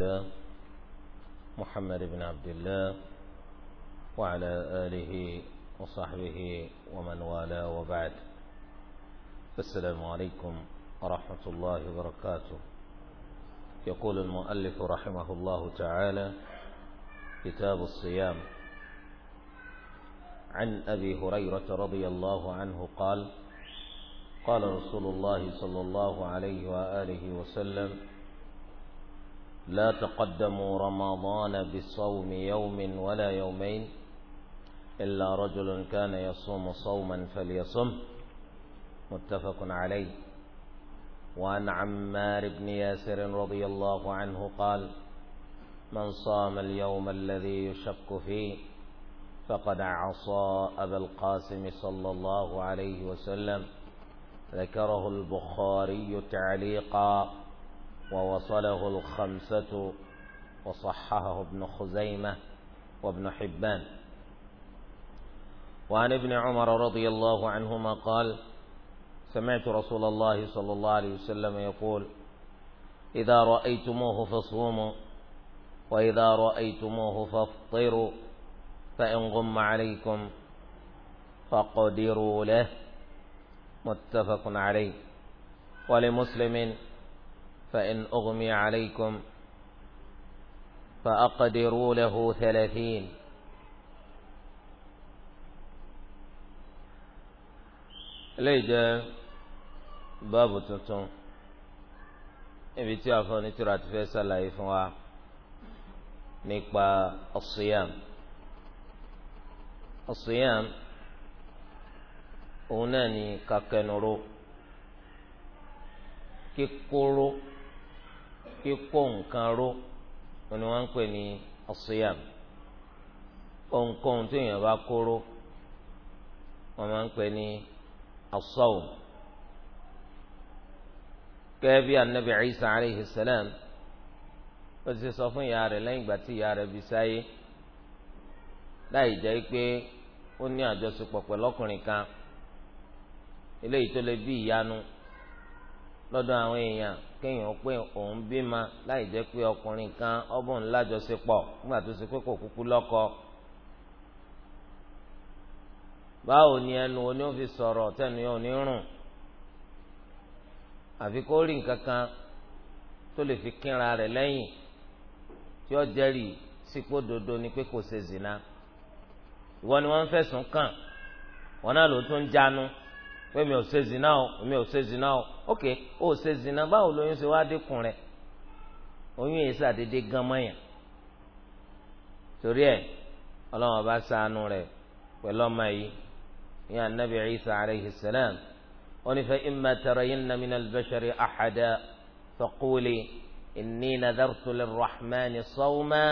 الله محمد بن عبد الله وعلى آله وصحبه ومن والاه وبعد السلام عليكم ورحمة الله وبركاته يقول المؤلف رحمه الله تعالى كتاب الصيام عن أبي هريرة رضي الله عنه قال قال رسول الله صلى الله عليه وآله وسلم لا تقدموا رمضان بصوم يوم ولا يومين إلا رجل كان يصوم صوما فليصم متفق عليه وعن عمار بن ياسر رضي الله عنه قال من صام اليوم الذي يشك فيه فقد عصى أبا القاسم صلى الله عليه وسلم ذكره البخاري تعليقا ووصله الخمسة وصححه ابن خزيمة وابن حبان وعن ابن عمر رضي الله عنهما قال سمعت رسول الله صلى الله عليه وسلم يقول إذا رأيتموه فصوموا وإذا رأيتموه فافطروا فإن غم عليكم فقدروا له متفق عليه ولمسلم فإن أغمي عليكم فأقدروا له ثلاثين eléyìí jẹ́ báàbù tuntun ibi tí a fún nítorí àti fẹ́ ṣàlàyé fún wa nípa as-siyam as-siyam òun náà ní kakẹnuró kíkóró. kíkó nǹkan ró ni wọ́n ń pè ní asiyam ohunkóhun tí èèyàn bá kóró wọ́n máa ń pè ní asawm gẹ́gẹ́ bí anabi isa alayhi salam ó ti sọ fún ìyá rẹ̀ lẹ́yìn ìgbà tí ìyá rẹ̀ bí sáyé láì jẹ́ pé ó ní àjọṣepọ̀ pẹ̀lú ọkùnrin kan eléyìí tó lè bí ìyanu lọ́dọ̀ àwọn èèyàn kéèyàn pé òun bímọ láì jẹ́ pé ọkùnrin kan ọbọ̀n lájọṣepọ̀ nígbà tó ṣe pé kò kúkú lọ́kọ. báwo ni ẹnu oní ò fi sọ̀rọ̀ tẹnu yóò ní rùn àfi kó rí nǹkan kan tó lè fi kínra rẹ̀ lẹ́yìn tí ó jẹ́rìí sípò dodo ni pé kò ṣe zina ìwọ ni wọ́n ń fẹ̀sùn kàn wọ́n náà ló tún jánu pé mi ò ṣe zina o mi ò ṣe zina o. ok ó ṣe zina báwo lóyún ṣe wá dínkùn rẹ oyún yìí ṣàdédé gan mọ́yàn torí ẹ ọlọ́run bá ṣàánú rẹ pẹ̀lú ọmọ yìí ní anabi isa aleyhi salam ó ní fa imma nami na bashari ahada faquli inni nadartu lirrahmani sawma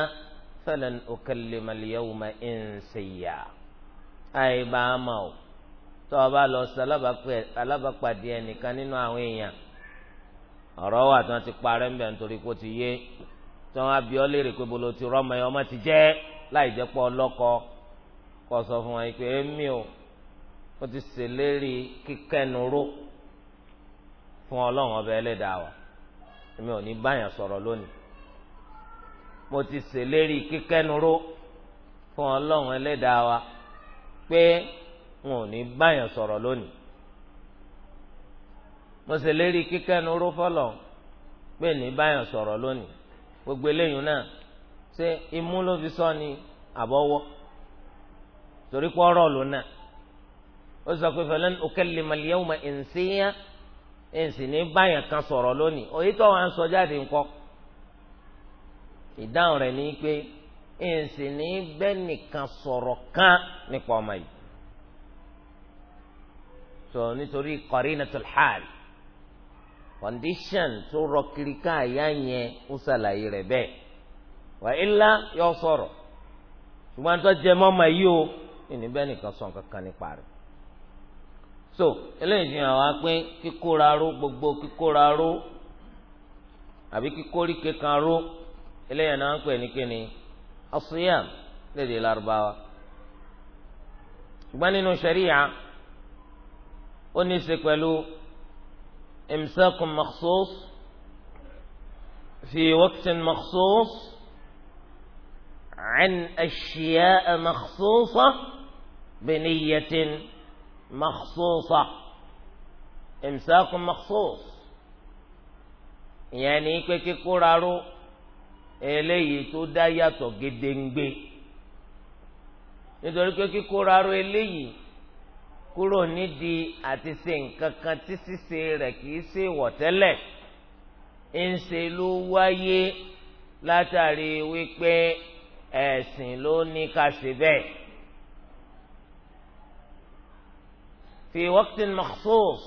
falan ukallima al-yawma insiya àyè bá a mọ̀ o. tó o bá lọ sí alábàápàdé ẹnìkan nínú àwọn èèyàn ọ̀rọ̀ wà tí wọ́n ti parẹ́ ńbẹ̀ nítorí kó ti yé tí wọ́n á bí ọ léèrè pé bolo ti rọ́mọ ẹ ọmọ ti jẹ́ láì jẹ́ pọ́ ọlọ́kọ kó sọ fún wọn pé èmi o ó ti ṣèlérí kíkẹ́nuró fún ọlọ́run ọba ẹlẹ́dàá èmi ò ní báyàn sọ̀rọ̀ lónìí mo ti ṣèlérí kíkẹ́nuró fún ọlọ́run ẹlẹ́dàá wa pé. wọn ò ní báyàn sọ̀rọ̀ lónìí mo sì lérí kíkẹ́nu ró fọlọ́ pé ní báyàn sọ̀rọ̀ lónìí gbogbo eléyìí náà ṣé imú ló fi sọ ni àbọ̀wọ́ torí pé ọ̀rọ̀ ló náà ó sọ pé falan ukallima al-yawma insiya èsì ní báyàn kan sọ̀rọ̀ lónìí tó wà ń sọ jáde ìdáhùn rẹ̀ ni pé ní bẹ́ẹ̀ nìkan sọ̀rọ̀ kan nípa ọmọ yìí. so nítorí qarinatul hal condition tó rọ kiri ká ìyá yẹn ó ṣàlàyé rẹ̀ bẹ́ẹ̀ wà ilá yọ sọ̀rọ̀ ṣùgbọ́n tó jẹ mọ́ ọmọ yìí o ìní bẹ́ẹ̀ nìkan sọ nǹkan kan nípa rẹ̀ so eléyìí fi hàn wá pé kíkóra ró gbogbo kíkóra ró àbí kíkóríke kan ró eléyìí náà ń pè ní kíni asiyam lédè lárúbáwá ṣùgbọ́n nínú sẹ́ríyà. ó ní ṣe pẹ̀lú imsakun makhsus fi waqtin makhsus an ashya'a makhsusa biniyatin makhsusa imsakun makhsus ìyẹn ní pé kíkóra ró eléyìí tó dá yàtọ̀ gédéǹgbé nítorí pé kíkóra ró eléyìí. kúrò nídìí àti ṣe nǹkan kan tí ṣíṣe rẹ̀ kìí ṣe wọ̀tẹ́lẹ̀ ń ṣe ló wáyé látàrí wípé ẹ̀sìn ló ní ká ṣe bẹ́ẹ̀. fi waqtin makhsus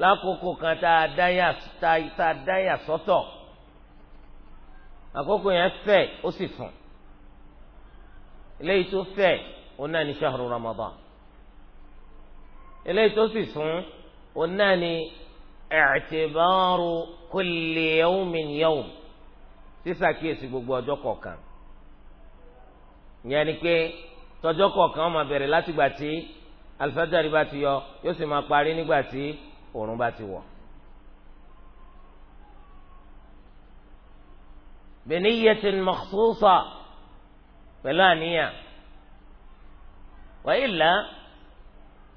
lákòókò kan tá a dáyà sọ́tọ̀ àkókò yẹn fẹ̀ ó sì fún eléyìí tó fẹ̀ ó náà ní shahru Ramadan eléyìí tó sì sún òun náà ni i'tibaru kulli yawmin yawm sísàkíyèsí gbogbo ọjọ́ kọ̀ọ̀kan ìyẹn ni pé tọjọ́ kọ̀ọ̀kan ó máa bẹ̀rẹ̀ látìgbà tí alifájàre bá ti yọ yóò sì máa parí nígbà tí oòrùn bá ti wọ̀. biniyatin makhsusa pẹ̀lú àníyàn wàyí là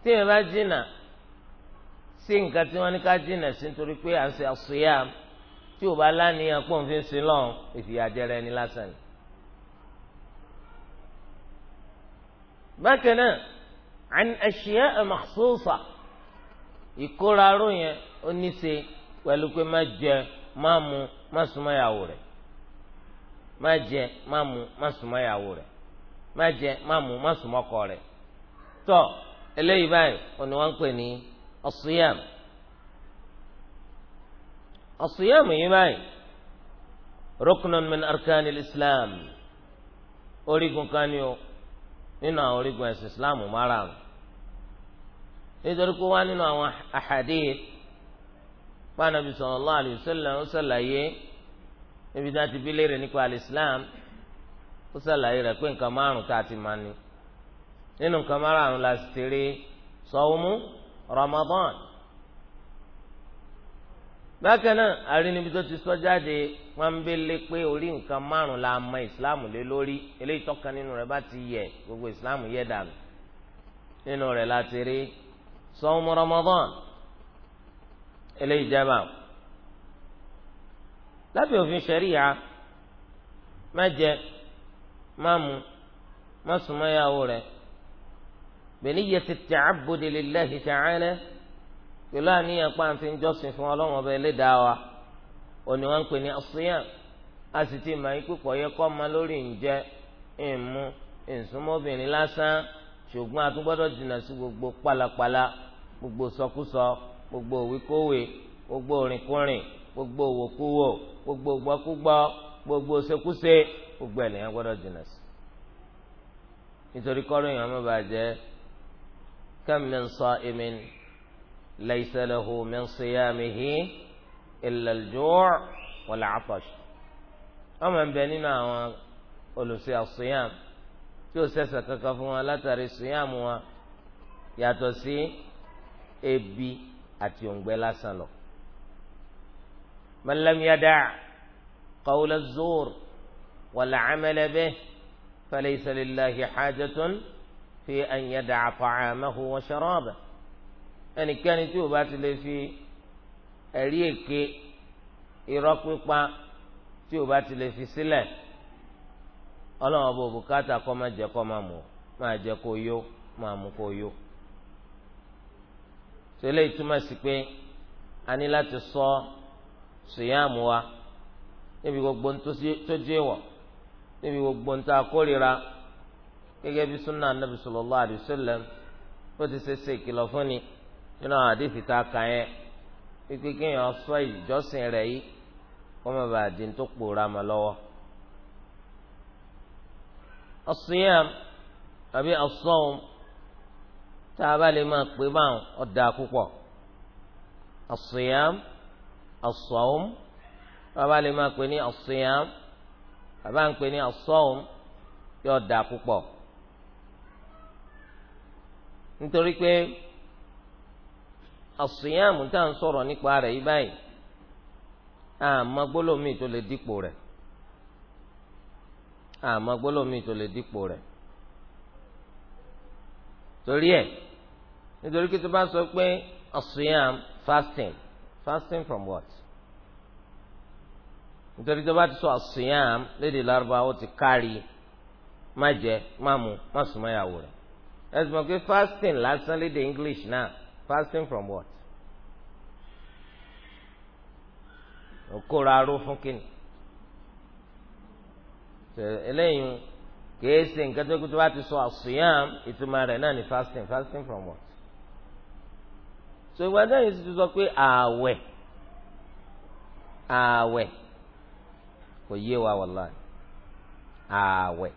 tí yẹn bá jìnnà sí nǹkan tí wọ́n ní ká jìnnà sí nítorí pé à ń ṣe àṣùyà tí ò bá láníyàn pọ̀ ń fi ń sin lọ́hùn ìfìyàjẹrẹ ẹni lásán ni. bákan náà àn àṣìyà makhsusa ìkóra aró yẹn ó ní ṣe pẹ̀lú pé má jẹ má mu má súnmọ́ ìyàwó rẹ̀ má jẹ má mu má súnmọ́ ìyàwó rẹ̀ má jẹ má mu má súnmọ́ ọkọ rẹ̀ tọ́. So, eléyìí báyìí òní wọ́n ń pè ní ọ̀sùyàm ọ̀sùyàm yìí báyìí rukunan min arkan islam orígun kan ni o nínú àwọn orígun ẹ̀sìn islam márùn-ún nítorí kó wá nínú àwọn ahadith pàànàbí sallallahu alayhi wa sallam ó sàlàyé níbi dá ti bí nípa alìsílám ó sàlàyé rẹ̀ pé nǹkan márùn tá a ti máa ní nínú nǹkan márùn-ún la sì ti rí sọ́wọ́mú Ramadan bákan náà àrínibi tó ti sọ jáde wọn ń bẹlẹ pé orí nǹkan márùn la mọ ìsìláàmù lé lórí eléyìí tọkàn nínú rẹ̀ bá ti yẹ gbogbo ìsìláàmù yẹ dànù nínú rẹ̀ la ti rí sọ́wọ́mú Ramadan eléyìí jẹba lábẹ́ òfin ṣẹ̀ríya má jẹ má mu بنية التعبد لله تعالى pẹ̀lú àníyàn pàǹfì ń jọ́sìn fún ọlọ́run ọba ẹlẹ́dàá wa òní wọn ń pè ní asiyam a sì ti màá pípọ̀ yẹ kọ́ ma lórí ǹjẹ́ ìmú ìsúnmọ́bìnrin lásán ṣùgbọ́n a tún gbọ́dọ̀ jìnnà sí gbogbo pálapàla gbogbo sọkúsọ gbogbo òwíkówè gbogbo òrìnkúrìn gbogbo òwòkúwò gbogbo gbọ́kúgbọ́ gbogbo ṣekúṣe gbogbo ẹ̀ lẹ́yìn gbọ́dọ̀ jìnnà sí nítorí kọ́rọ̀ èèyàn má bàa jẹ́ كم من صائم ليس له من صيامه إلا الجوع والعطش أما بيننا ولسي الصيام تو سيسا كفو لا تري الصيام يا توسي ابي اتيون بلا سالو من لم يدع قول الزور والعمل به فليس لله حاجة fi an yada'a ta'amahu wa sharabahu ẹnikẹ́ni tí ó bá ti lè fi ẹ̀rí èké irọ́ pípa tí ó bá ti lè fi sílẹ̀ ọlọ́run bò bùkátà kọ́ máa jẹ́ kọ́ máa mú máa jẹ́ kó yó máa mú kó yó. tẹ́lẹ̀ ìtumọ̀ sí pé a ní láti sọ sùyàmù wa níbi gbogbo tó jẹ́ wọ̀ níbi gbogbo tó akórira gẹ́gẹ́ bí sunna anabi sallallahu alayhi wa sallam ó ti ṣe ṣe ìkìlọ̀ fún ni nínú àwọn àdéhùn tá a kà yẹn pípé kéèyàn sọ ìjọsìn rẹ̀ yìí kó má bàa di tó pòórá mọ́ lọ́wọ́. as-siyam tàbí tá a bá lè máa pè báwọn ọ̀dà púpọ̀ as-siyam tá a bá lè máa pè ní as-siyam ń pè ní as yóò dà púpọ̀ nítorí pé àsìyàmù tá à ń sọ̀rọ̀ nípa rẹ̀ yìí báyìí àmọ́ gbólómì tó lè dípò rẹ̀ àmọ́ gbólómì tó lè dípò rẹ̀ torí ẹ̀ nítorí pé tó bá sọ pé àsìyàmù fasting fasting from what nítorí tó bá ti sọ àsìyàmù lédè lárúbáwá ó ti kárí má jẹ má mu má sùn má rẹ̀ ẹsùn mọ̀ pé fasting lásán lédè English náà fasting from what? òkóra aró fún kínní eléyìí kìí ṣe nǹkan tó kútu bá ti sọ àṣùyàn ìtumọ̀ rẹ̀ náà ni fasting fasting from what? so ìwà dáhùn sì ti sọ pé ààwẹ̀ ààwẹ̀ kò yé wa wàláì ààwẹ̀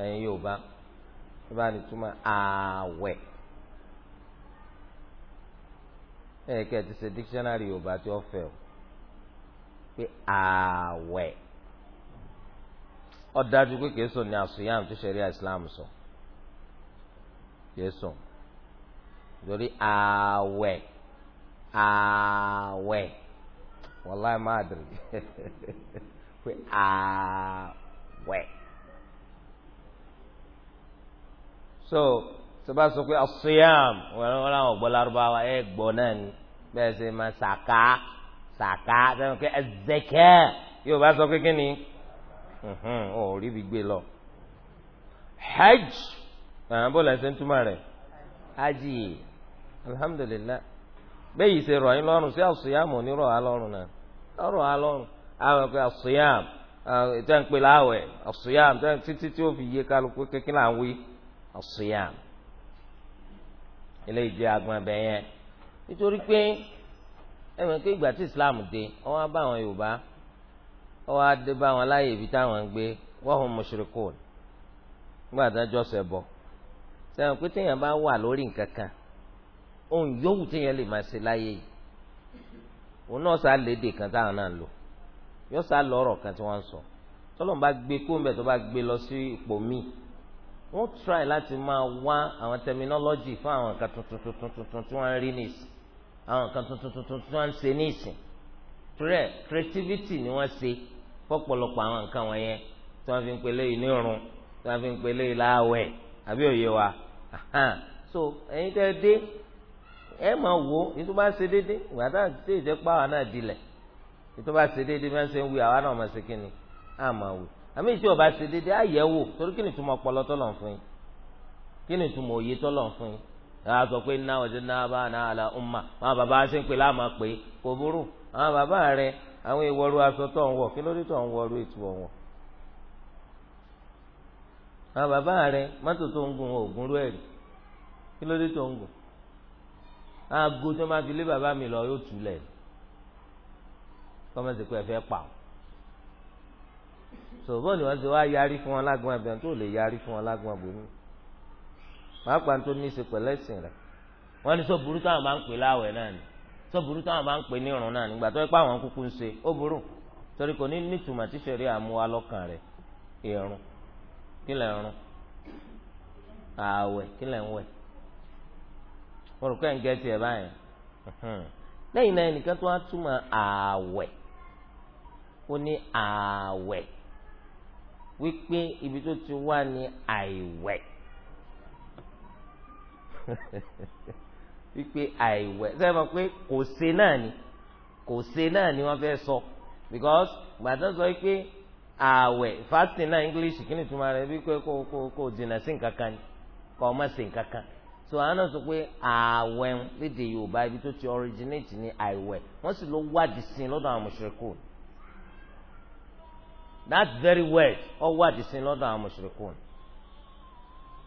ẹ̀yin Yorùbá ẹ bá ní túmọ̀ ààwẹ̀ ẹ kẹ́ ẹ ti ṣe dictionary Yorùbá tí ó fẹ́ o pé ààwẹ̀ ó dájú pé kìí sùn ní àsùnyàm tó ṣẹ̀ríà Islam sọ kìí sùn lórí ààwẹ̀ ààwẹ̀ wàláì má dìrì pé ààwẹ̀. so tó bá sọ pé asiyam wọn làwọn gbọ́ lárúbáwá ẹ gbọ́ náà ni bẹ́ẹ̀ ṣe máa sàká sàká sẹ́wọ̀n pé ẹ̀zẹ̀kẹ́ yóò bá sọ pé kí ni ò rí ibi gbé lọ. hajj àwọn bọ́ọ̀lù ẹ̀sẹ̀ ń túmọ̀ rẹ̀ hajj alhamdulillah bẹ́ẹ̀ yìí ṣe rọ̀ yín lọ́rùn sí asiyam òní rọ̀ á lọ́rùn náà lọ́rùn á lọ́rùn àwọn pé asiyam ìtẹ́ ń pè láwẹ̀ asiyam títí tí ó fi yé kálukú kékeré àwọn wí as-siyam eléyìí jẹ́ agbọn abẹ yẹn nítorí pé ẹ mọ̀ pé ìgbà tí islam dé ọwọ́ á bá àwọn yorùbá ọwọ́ á dé bá àwọn láàyè ibi táwọn ń gbé wa hum mushrikun nígbà dájọ́ sẹ̀ bọ̀ sẹ́wọ̀n pé téèyàn bá wà lórí nǹkan kan ohun yòówù téèyàn lè máa ṣe láyé yìí òun náà sá léde kan táwọn náà lò yóò sá lọ́rọ̀ kan tí wọ́n ń sọ tọ́lọ́mù bá gbé kó tó bá gbé lọ sí ipò míì wọ́n try láti máa wá àwọn terminology fún àwọn nǹkan tuntun tuntun tuntun tí wọ́n ń rí nìsín àwọn nǹkan tuntun tuntun tí wọ́n ń ṣe nìsín rẹ̀ creativity ni wọ́n ṣe fọ́pọ̀lọpọ̀ àwọn nǹkan wọ̀nyẹn tí wọ́n fi ń pelé yìí ní irun tí wọ́n fi ń pelé yìí láàwẹ̀ àbí òye wa so ẹ̀yin tẹ́ dé ẹ máa wò ó ètò bá ṣe déédéé ìgbà tá à ń tẹ̀ ìjẹ́pá àwa náà dilẹ̀ ètò bá ṣe déédéé bí wọ́n ṣe ń wí àwa náà máa ṣe kí ni á máa wò ó àmì ìṣe ọba ṣe déédéé àyẹ̀wò torí kí ni túmọ̀ ọpọlọ tọ́lọ̀ fún yín kí ni túmọ̀ òye tọ́lọ̀ fún yín náà sọ pé náà ọ̀dẹ́ náà bá náà àlà umma máa bàbá ṣe ń pè láàmà pé kò burú àwọn bàbá rẹ àwọn ìwọ̀rú aṣọ tó ń wọ̀ kí ló dé tó ń wọ̀rú ètò ọ̀wọ̀ àwọn bàbá rẹ mọ́tò tó ń gun ògùn rú ẹ̀rí kí ló tó ń gùn aago tó máa fi lé bàbá mi lọ yóò túlẹ̀ kọ́mẹ́sì pé ẹ fẹ́ pa sọ̀bọ́n ni wọ́n ti wá yarí fún wọn lágbọ́n abẹ́rẹ́ tó lè yarí fún wọn lágbọ́n abòmí pàápàá tó ní í ṣe pẹ̀lẹ́ sìn rẹ̀ wọ́n ní sọ burú táwọn máa ń pè láwẹ̀ náà ni sọ burú táwọn máa ń pè ní irun náà nígbà tó ẹ pé àwọn kúkú ń ṣe ó burú torí kò ní nítumọ̀ tí sẹ̀rí àmúwa lọ́kàn rẹ̀ irun kí lẹ̀ ń rún kí lẹ̀ ń wẹ̀ mo rò ń gẹ́ tiẹ̀ báyìí lẹ́yìn náà ẹnìkan tó wá túmọ̀ ààwẹ̀ ó ní ààwẹ̀ wípé ibi tó ti wá ní àìwẹ̀ wípé àìwẹ̀ sẹ́yìn mọ̀ pé kò ṣe náà ni kò ṣe náà ni wọ́n fẹ́ sọ because gbàdán sọ wípé ààwẹ̀ fasting náà English kí ni túmọ̀ rẹ̀ wípé kò kò kò dènà sí nǹkan kan kò má ṣe nǹkan kan so àwọn náà sọ pé ààwẹ̀ lédè Yorùbá ibi tó ti originate ní àìwẹ̀ wọ́n sì lọ wádìí sí i lọ́dọ̀ àwọn mùsùlùmí that very word ọwọ́ àdìsín lọ́dọ̀ àwọn mushrikun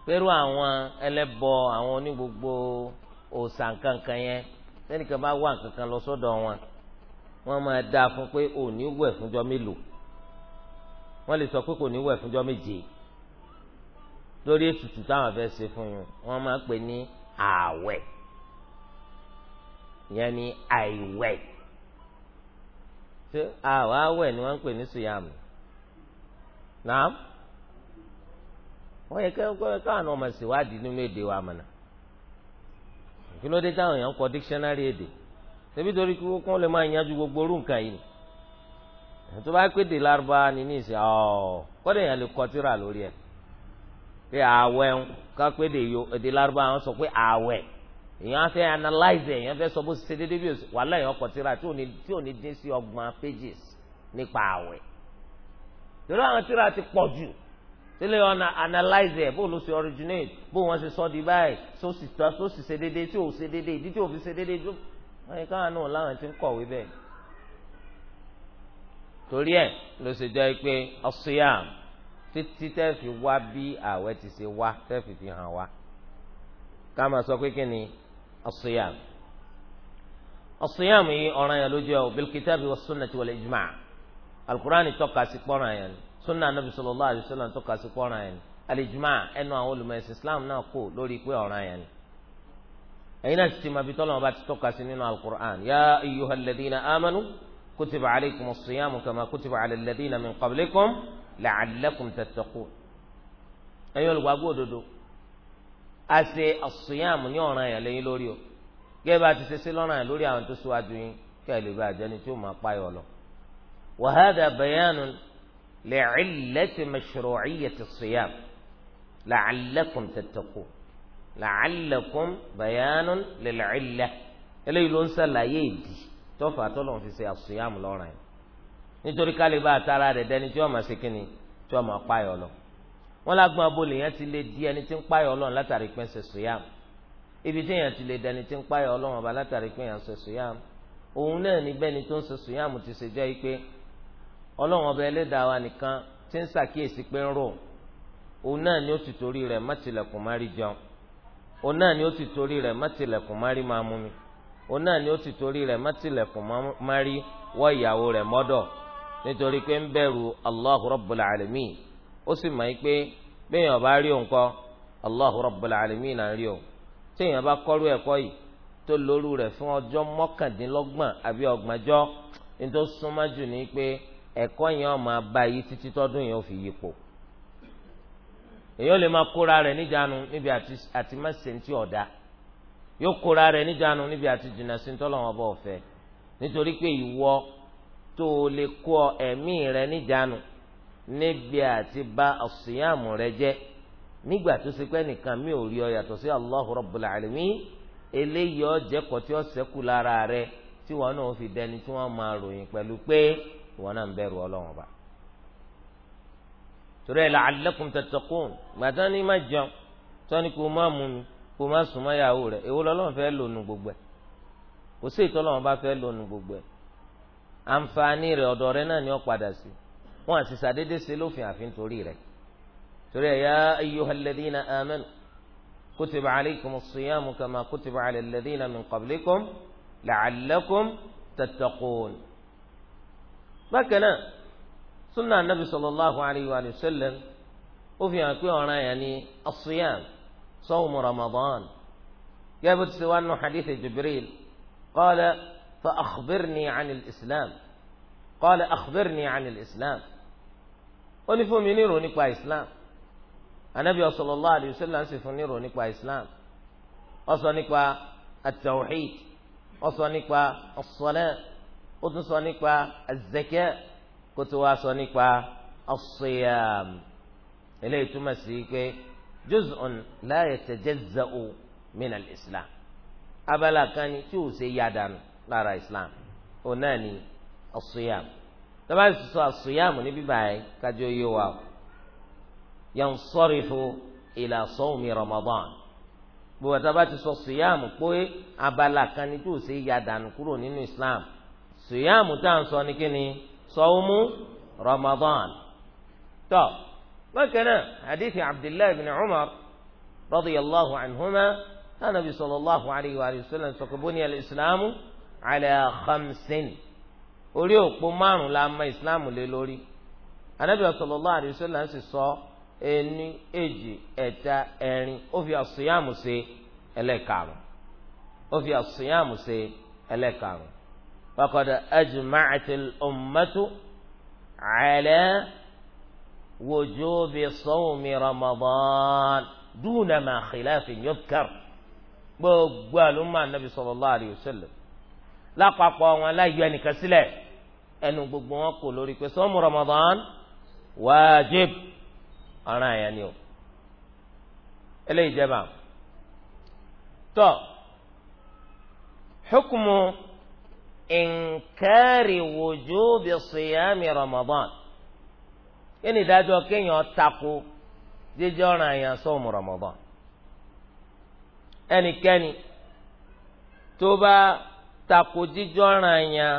pẹ̀lú àwọn ẹlẹ́bọ àwọn onígbogbo òòsàn kankan yẹn sẹ́nìkan bá wà kankan lọ sọ́dọ̀ wọn wọ́n máa dá a fún pé òní wẹ̀ fúnjọ́ mélòó wọ́n lè sọ pé kò ní wẹ̀ fúnjọ́ méje lórí ètùtù táwọn fẹ́ ṣe fún yín wọ́n máa pè ní ààwẹ̀ ìyẹn ni àìwẹ̀ ṣé àwọ̀ àwẹ̀ ni wọ́n ń pè ní sùyàmù nàám wọ́n yẹ káwọn ọmọ ṣèwádìí nínú èdè wa mọ̀nà kí ló dé táwọn èèyàn kọ dictionary èdè tẹbi torí kí wọ́n lè máa yanjú gbogbo orú nǹkan yìí tó bá pé de Lárúbáwá ni ní ìsìn ọ̀ kọ́dọ̀ èèyàn lè kọ tírà lórí ẹ̀ pé ààwẹ̀ ń ká pé de yo èdè Lárúbáwá wọn sọ pé ààwẹ̀ èèyàn fẹ́ analyze ẹ̀ èèyàn fẹ́ sọ bó ṣe déédéé bí wàhálà èèyàn kọ tírà tí ò ní dín sí ọgbọ̀n pages nípa ààwẹ̀ torí àwọn tíra ti pọ̀ jù tẹ́lẹ̀ ọ̀nà analyze ẹ̀ bóun ló ṣe originate bóun wọ́n ṣe sọ di báyìí so sì tọ́ so sì ṣe déédéé tí ò ṣe déédéé ìdí tí ò fi ṣe déédéé tó wọ́n yẹ káwọn náà láwọn ti ń kọ̀wé bẹ́ẹ̀. torí ẹ̀ ló ṣe jẹ́ pé ọ̀ṣùyàm títí tẹ́ fi wá bí ààwẹ̀ ti ṣe wá tẹ́ fi fi hàn wá ká máa sọ pé kí ni ọ̀ṣùyàm ọ̀ṣùyàm yìí ọ̀ranyàn ló jẹ́ bil kitabi was sunnati wal ijma' alukur'ani tọ́ka sí pọ́nrán yẹn ni sunna anabi sallallahu alayhi wa sallam tọ́ka sí pọ́nrán yẹn ni alijuma ẹnu àwọn olùmọ̀ ẹ̀sìn islam náà kò lórí pé ọ̀ràn yẹn ni ẹ̀yin náà ti ma bi tọ́lọ́mọ bá ti tọ́ka sí nínú alukur'an ya ayyuhal ladina amanu kutiba alaykum as-siyamu kama kutiba ala ladina min qablikum la'allakum tattaqun ẹ̀yin olùgbàgbọ́ òdodo a ṣe as-siyamu yẹn lẹ́yìn o gẹ́gẹ́ ti ṣe sí lọ́ràn yẹn lórí àwọn tó ṣíwájú yín kẹ́ ẹ lè bá àjẹni tí ó máa pààyàn lọ. وهذا بيان لعلة مشروعية الصيام لعلكم تتقون لعلكم بيان للعلة eléyìí ló ń ṣàlàyé ìdí tọ́fà tọ́lọ́run fi ṣe àṣùyàmù lọ́rùn yẹn nítorí kálíbà àtàrà rẹ̀ dẹni tí wọ́n máa ṣe kínni tí wọ́n máa páyọ̀ lọ. wọ́n lágbọ́n abọ́lé yẹn ti lè di ẹni tí ń páyọ̀ lọ́rùn látàrí pé ń ṣe ṣùyàmù ibi tí èèyàn ti lè dẹni tí ń páyọ̀ lọ́rùn ọba látàrí pé èèyàn ṣe ṣùyàmù òun náà ní bẹ́ni tó ń ṣe ṣùyàmù ti ṣe jẹ́ pé ọlọ́run ọba ẹlẹ́dàá wa nìkan ti ń ṣàkíyèsí pé ń rò òun náà ni ó ti torí rẹ̀ mọ́tìlẹ̀kùn má rí jẹun òun náà ni ó ti torí rẹ̀ mọ́tìlẹ̀kùn má rí máa mú mi òun náà ni ó ti torí rẹ̀ mọ́tìlẹ̀kùn má rí wọ́ ìyàwó rẹ̀ mọ́dọ̀ nítorí pé ń bẹ̀rù Allahu Rabbul Alamin ó sì mọ̀ pé béèyàn bá rí òun kọ́ Allahu Rabbul Alamin náà rí òun téèyàn bá kọ́rú ẹ̀kọ́ yìí tó lóru rẹ̀ fún ọjọ́ mọ́kàndínlọ́gbọ̀n àbí ọgbọ̀njọ́ nítorí súnmọ́ jù pé ẹ̀kọ́ yẹn ó máa bá yí títí tọ́dún yẹn ó fi yípo èyàn lè máa kóra rẹ̀ níjànú níbi àti má ṣe ti ọ̀dà yóò kóra rẹ̀ níjànú níbi àti jìnnà sí tọ́lọ́wọ́n bọ̀ fẹ́ nítorí pé ìwọ tó o lè kó ẹ̀mí rẹ̀ níjànú níbi àti bá ọ̀sìyàmù rẹ̀ jẹ́ nígbà tó ṣe pé nìkan mi ò rí ọ yàtọ̀ sí Allahu Rabbul Alamin eléyìí ọ̀jẹ̀kọ̀ tí ó ṣẹ́kù lára rẹ̀ tí wọn náà fi dẹni tí wọ́n máa ròyìn pẹ̀lú pé ìwọ náà ń bẹ̀rù ọlọ́run ọba torí ẹ̀ la'allakum tattaqun gbàtà ni má jẹun tọ́ni kò má mú mi kò má sùn má yàwó rẹ̀ èwo lọ́lọ́run fẹ́ lò nù gbogbo ẹ̀ kò sí ìtọ́lọ́run bá fẹ́ lò nù gbogbo ẹ̀ àǹfààní rẹ̀ ọ̀dọ̀ rẹ̀ náà ni ó padà sí wọn àti sàdédé ṣe lófin àfi nítorí rẹ̀ torí ẹ̀ yá ayyuhal ladhina amanu kutiba alaykumus siyamu kama kutiba ala alladhina min qablikum la'allakum tattaqun bákan náà sunna anabi sallallahu alayhi wa sallam ó fi hàn pé ọ̀ràn yẹn ni asiyam sawmu ramadan gẹ́gẹ́ bó ti ṣe wá nù hadith jibril qala fa akhbirni an al-islam qala akhbirni an al-islam ó ní fún mi ní ìrò nípa islam anabi sallallahu alayhi wa sallam sì fún ní ìrò nípa islam ó nípa at-tawhid nípa as-salat ó tún sọ nípa az-zakat kó tó wá sọ nípa as-siyam eléyìí túmọ̀ sí pé juz'un la yatajazza'u min al-islam abala kan ni tí ò ṣe yá dànù lára islam òun náà ni as-siyam sì sọ as-siyam ní bíbá yẹn kájọ yé wa yansarifu ila sawmi ramadan gbogbo àtàbà ti sọ as-siyam pé abala kan ni tí ò ṣe yá dànù kúrò nínú islam sùyàmù tá à ń sọ ni kí ni sọ́wọ́mù ramadan tọ́ bákan náà hadithi abdullahi bin umar radiyallahu anhuma anabi sallallahu alayhi wa sallam sọkòbóni alislamu ala khamsin orí òpó márùn la ma islamu lé lórí anabi sallallahu alayhi wa sallam sì sọ ẹni èjì ẹ̀ta ẹ̀rin ó fi àṣìyàmù ṣe ẹlẹ́karùn ó fi àṣìyàmù ṣe ẹlẹ́karùn فقد أجمعت الأمة على وجوب صوم رمضان دون ما خلاف يذكر gbogbo àlùmọ anabi sallallahu alayhi wa sallam lápapọ̀ wọn láyọ ẹnìkan sílẹ̀ ẹnu gbogbo wọn kò lórí pé sọ́mu ramadan wájib ọ̀ràn àyà ni o eléyìí jẹba tọ́ hukumu inkari wujubi siyami ramadan kí ni ìdájọ́ kéèyàn tako jíjẹ́ ọ̀ràn àyàn sọ́ọ̀mù ramadan ẹnikẹ́ni tó bá tako jíjẹ́ ọ̀ràn àyàn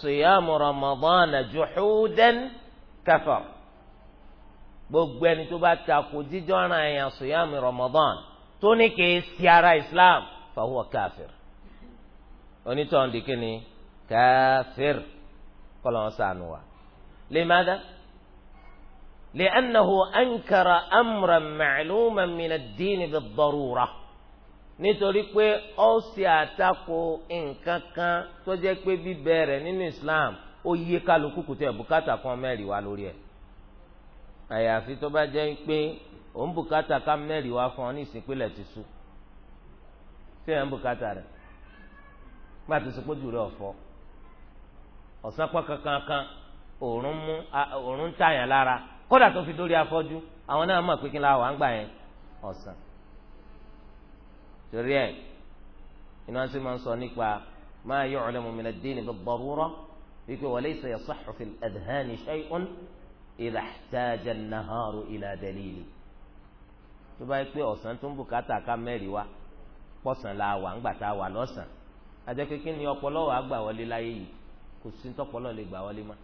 siyami ramadan juhudan kafar gbogbo ẹni tó bá tako jíjẹ́ ọ̀ràn àyàn siyami ramadan tó ní kìí sí islam fahuwa kafir onítọ̀hún di kíni káfíìr kọlọ́n sànù wa. limadha li'annahu ankara amran ma'luman min ad-din bid-darurah nítorí pé ó ṣe àtakò nǹkan kan tó jẹ́ pé bíbẹ̀rẹ̀ nínú Islam ó yẹ kálukú kùtù ẹ̀ bùkátà kan mẹ́rin wá lórí ẹ̀ àyàfi tó bá jẹ́ pé òun bùkátà ká mẹ́rin wá fún ọ ní ìsìnkú ilẹ̀ ti sú sí ń bùkátà rẹ̀ gba tó sopójú rẹ ọ̀fọ́ ọ̀sán pọ̀ kankan òórùn mú òórùn tààyàn lára kódà tó fi dórí afọ́jú àwọn náà mọ̀ pé kí n la wà ń gbà yẹn ọ̀sán torí ẹ̀ iná sì máa ń sọ nípa ma yu'lamu min ad-din bid-darura wípé wa laysa yasihhu fil adhani shay'un idha ihtaja an-naharu ila tó bá pé ọ̀sán tó ń bùkátà ká mẹ́rin wa pọ̀sán la wà ń gbà tá a wà lọ́sàn àjẹkẹkẹ ni ọpọlọ wàá gbà wọlé láyé yìí kò sí tọpọlọ lè gbà wọlé mọ́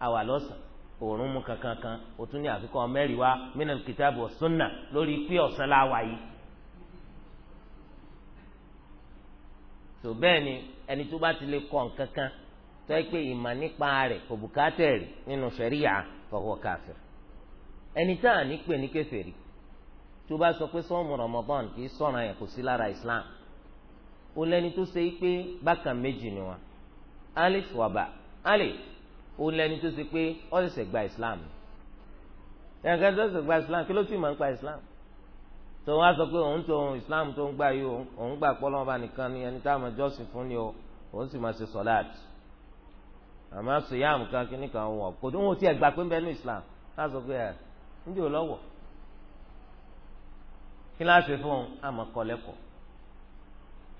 àwà lọ́sàn òórùn mu kankan kan o tún ní àfikún mẹ́rin wá mínà kìtàbù ọ̀sùnà lórí pé ọ̀sán la wà yìí. tó bẹ́ẹ̀ ni ẹni tó bá ti lè kọ́ nǹkan kan tó yẹ pé ìmọ̀ nípa rẹ̀ kò bùkátẹ̀ rẹ̀ nínú sẹ̀ríyà fọwọ́ káfíìr. ẹni tá ní pè ní kèfèrí tó bá sọ pé sọ́ọ̀mù Ramadan kì í sọ̀ràn yẹn kò sí lára Islam o lẹni tó ṣe pé bákan méjì ni wọn alif wàbà alif o tó ṣe pé ó gba islam ẹnìkan tó ṣẹ̀ṣẹ̀ gba islam kí ló sì máa ń pa islam tó wá sọ pé òun tó ohun islam tó ń gbà yìí òun gbà pọ́ lọ́wọ́ bá nìkan ni ẹni táwọn jọ́sìn fún ni o òun sì máa ṣe sọ́láàtì àmọ́ sèyàm kan kí nìkan wọ̀ kò tó wọn ti ẹ̀ gbà pé ń bẹ ní islam ká sọ pé ẹ̀ ń dì ó lọ́wọ́ kí láṣẹ fún un àmọ́ kọ́ lẹ́kọ̀ọ́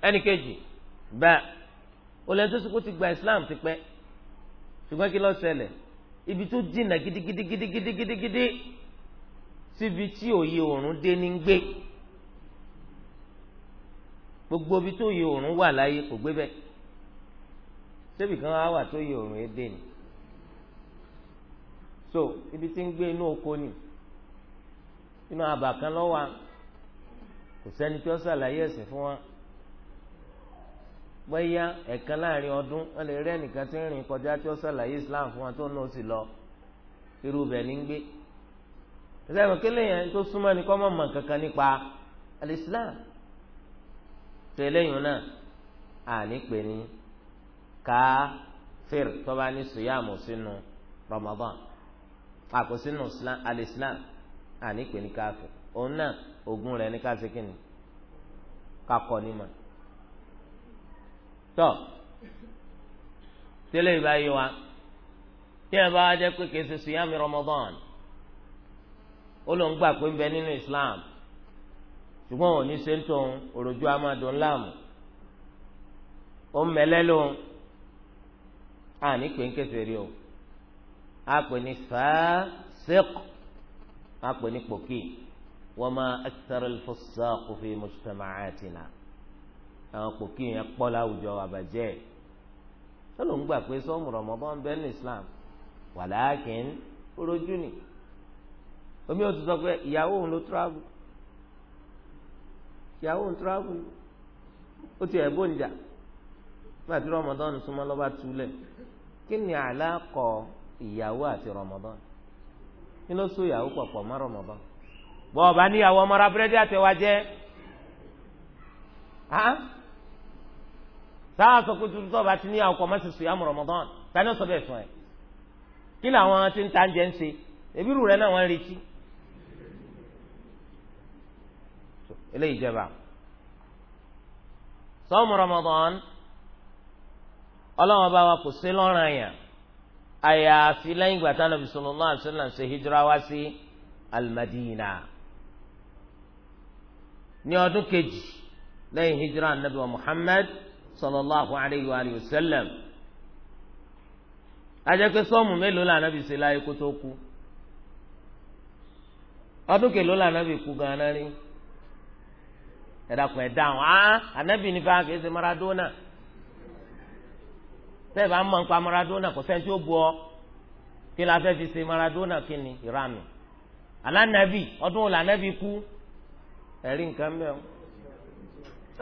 ẹnìkejì bẹ́ẹ̀ olè tó sùkú ti gba islam ti pẹ́ ṣùgbọ́n kí ló ṣẹlẹ̀ ibi tó dínà gidigidigidigidigidi síbi tí òye òòrùn dé ní gbé gbogbo ibi tó òye òòrùn wà láyé kò gbé bẹ́ẹ̀ sébì kan á wà tó òye òòrùn yẹn dé ni so ibi tí ń gbé inú oko ni inú abà kan lọ́wọ́ kò sẹ́ni tí ó ṣàlàyé ẹ̀sìn fún wa bóyá ẹ̀kan láàrin ọdún wọ́n lè rẹ́ nìkan tí ń rìn kọjá tí ó sàlàyé islam fún wọn tó náà sì lọ irú bẹ̀ ní gbé ìsẹ́yìn kele yẹn tó súnmọ́ ni kọ́ mọ̀ mọ̀ kankan nípa alìsílám tẹ̀léyìn náà àní pè ní káfíìr tó bá ní sùyàmù sínú Ramadan àkó sínú alìsílám àní pè ní káfíìr òun náà ogun rẹ̀ ní káfíìr kìíní kakọ ní ma tọ́ tẹ́lẹ̀ ìbáyé wa tí a bá jẹ́ pé kìí ṣe siyami Ramadan ó ló ń gbà pé ń bẹ nínú Islam ṣùgbọ́n òní ṣe ń tún òròjú amádùn láàmú ó ń mẹ́lẹ́ ló ń à ní pé ń kéṣe rí o a pè ní fàásẹ́k a pè ní pòkì wa ma akthar al-fussaq fi mujtama'atina àwọn kò kí yẹn pọ́ láwùjọ àbàjẹ́ sọlọ ń gbà pé sọmù Ramadan bẹ́ẹ̀ ní Islam wàláàkín rojú ni omi ò tún sọ pé ìyàwó òun ló travel ìyàwó òun travel ó ti ẹ̀ bóńjà nígbà tí Ramadan súnmọ́ lọ́ba túlẹ̀ kí ni àlàkọ ìyàwó àti Ramadan kí ló so ìyàwó pọ̀pọ̀ mọ́ Ramadan bọ́ọ̀ bá níyàwó ọmọ ra àtẹwájẹ́ ah táwọn sọ pé tuntun tó bá ti ní àwọn kọmọsí sùyàmù Ramadan tani ó sọ bẹ́ẹ̀ fún ẹ kí làwọn ti ń ta jẹ ń ṣe ebi rú rẹ náà wọn retí eléyìí jẹba sọmù Ramadan ọlọ́wọ́n bá wa kò sí lọ́rùn àyàn àyàfi lẹ́yìn ìgbà táwọn Nabi sallallahu alaihi wasallam ṣe hijira wá sí al ní ọdún kejì lẹ́yìn hijira Nabi wa Muhammad. sallallahu alayhi wa alihi wa sallam ajẹ́pẹ́ sọ́ọ̀mù mélòó la Ànábì ṣe láyé kó ku kú ke kèló la ku kú gan-an rí ẹ̀dàkùn Maradona tẹ́ẹ̀ bá ń nípa Maradona kò sẹ́ni ó bu ọ kí la fẹ́ Maradona kí ni ìranù alánàbì ọdún wo la anabi kú ẹ̀rí nǹkan mẹ́wọ́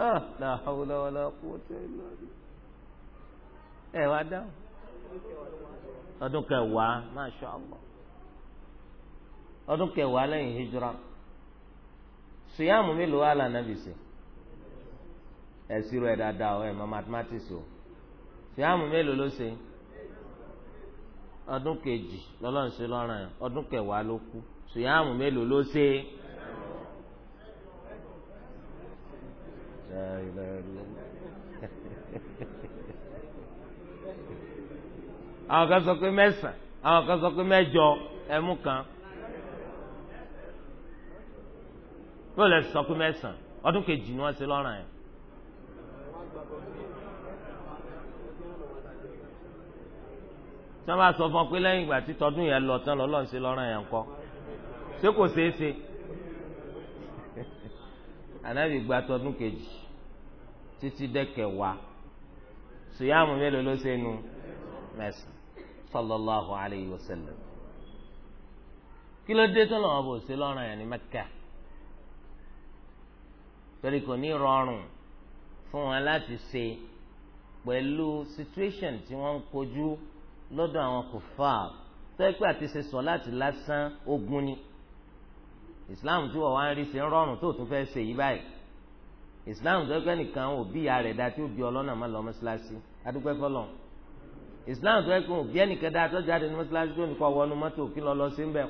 ah la hawla wala quwwata illa billah ẹ wá dáhùn ọdún kẹwàá masha allah ọdún kẹwàá lẹ́yìn hijra síyàmù ọ o ọdún kejì ọdún kẹwàá ló لا إله إلا الله àwọn kan sọ pé mẹ́sàn àwọn kan sọ pé mẹ́jọ ẹmú kan yóò lè sọ pé mẹ́sàn ọdún kejì ni wọ́n ṣe lọ́rùn yẹn. tí wọ́n bá sọ fún ọ pé lẹ́yìn ìgbà tí tọdún yẹn lọ tán lọ́lọ́run ṣe lọ́rùn yẹn kọ́ ṣé kò ṣeé ṣe anabi gba tọdún kejì títí dẹkẹwàá sùyàmù mélòó ló ṣe nu mẹsàn sallallahu alayhi wa sallam kí ló dé tó lọ́wọ́ bò sí lọ́rùn yẹn ní mẹ́kà torí kò ní rọrùn fún wọn láti ṣe pẹ̀lú situation tí wọ́n ń kojú lọ́dọ̀ àwọn kò fà á tẹ́pẹ́ àti ṣe sọ láti lásán ogun ni islam tí wọ́n wá ń rí ṣe ń rọrùn tó tún fẹ́ ṣe yí báyìí islam tó pẹ́ nìkan òbí ìyá rẹ̀ dá tí ó di ọlọ́nà má lọ mọ́ṣáláṣí adúpẹ́ fọlọ́n islam tó pẹ́ òbí ẹnìkan dá tó jáde ní mọ́ṣáláṣí tó nìkan wọnú mọ́tò kí lọ lọ sí ń bẹ̀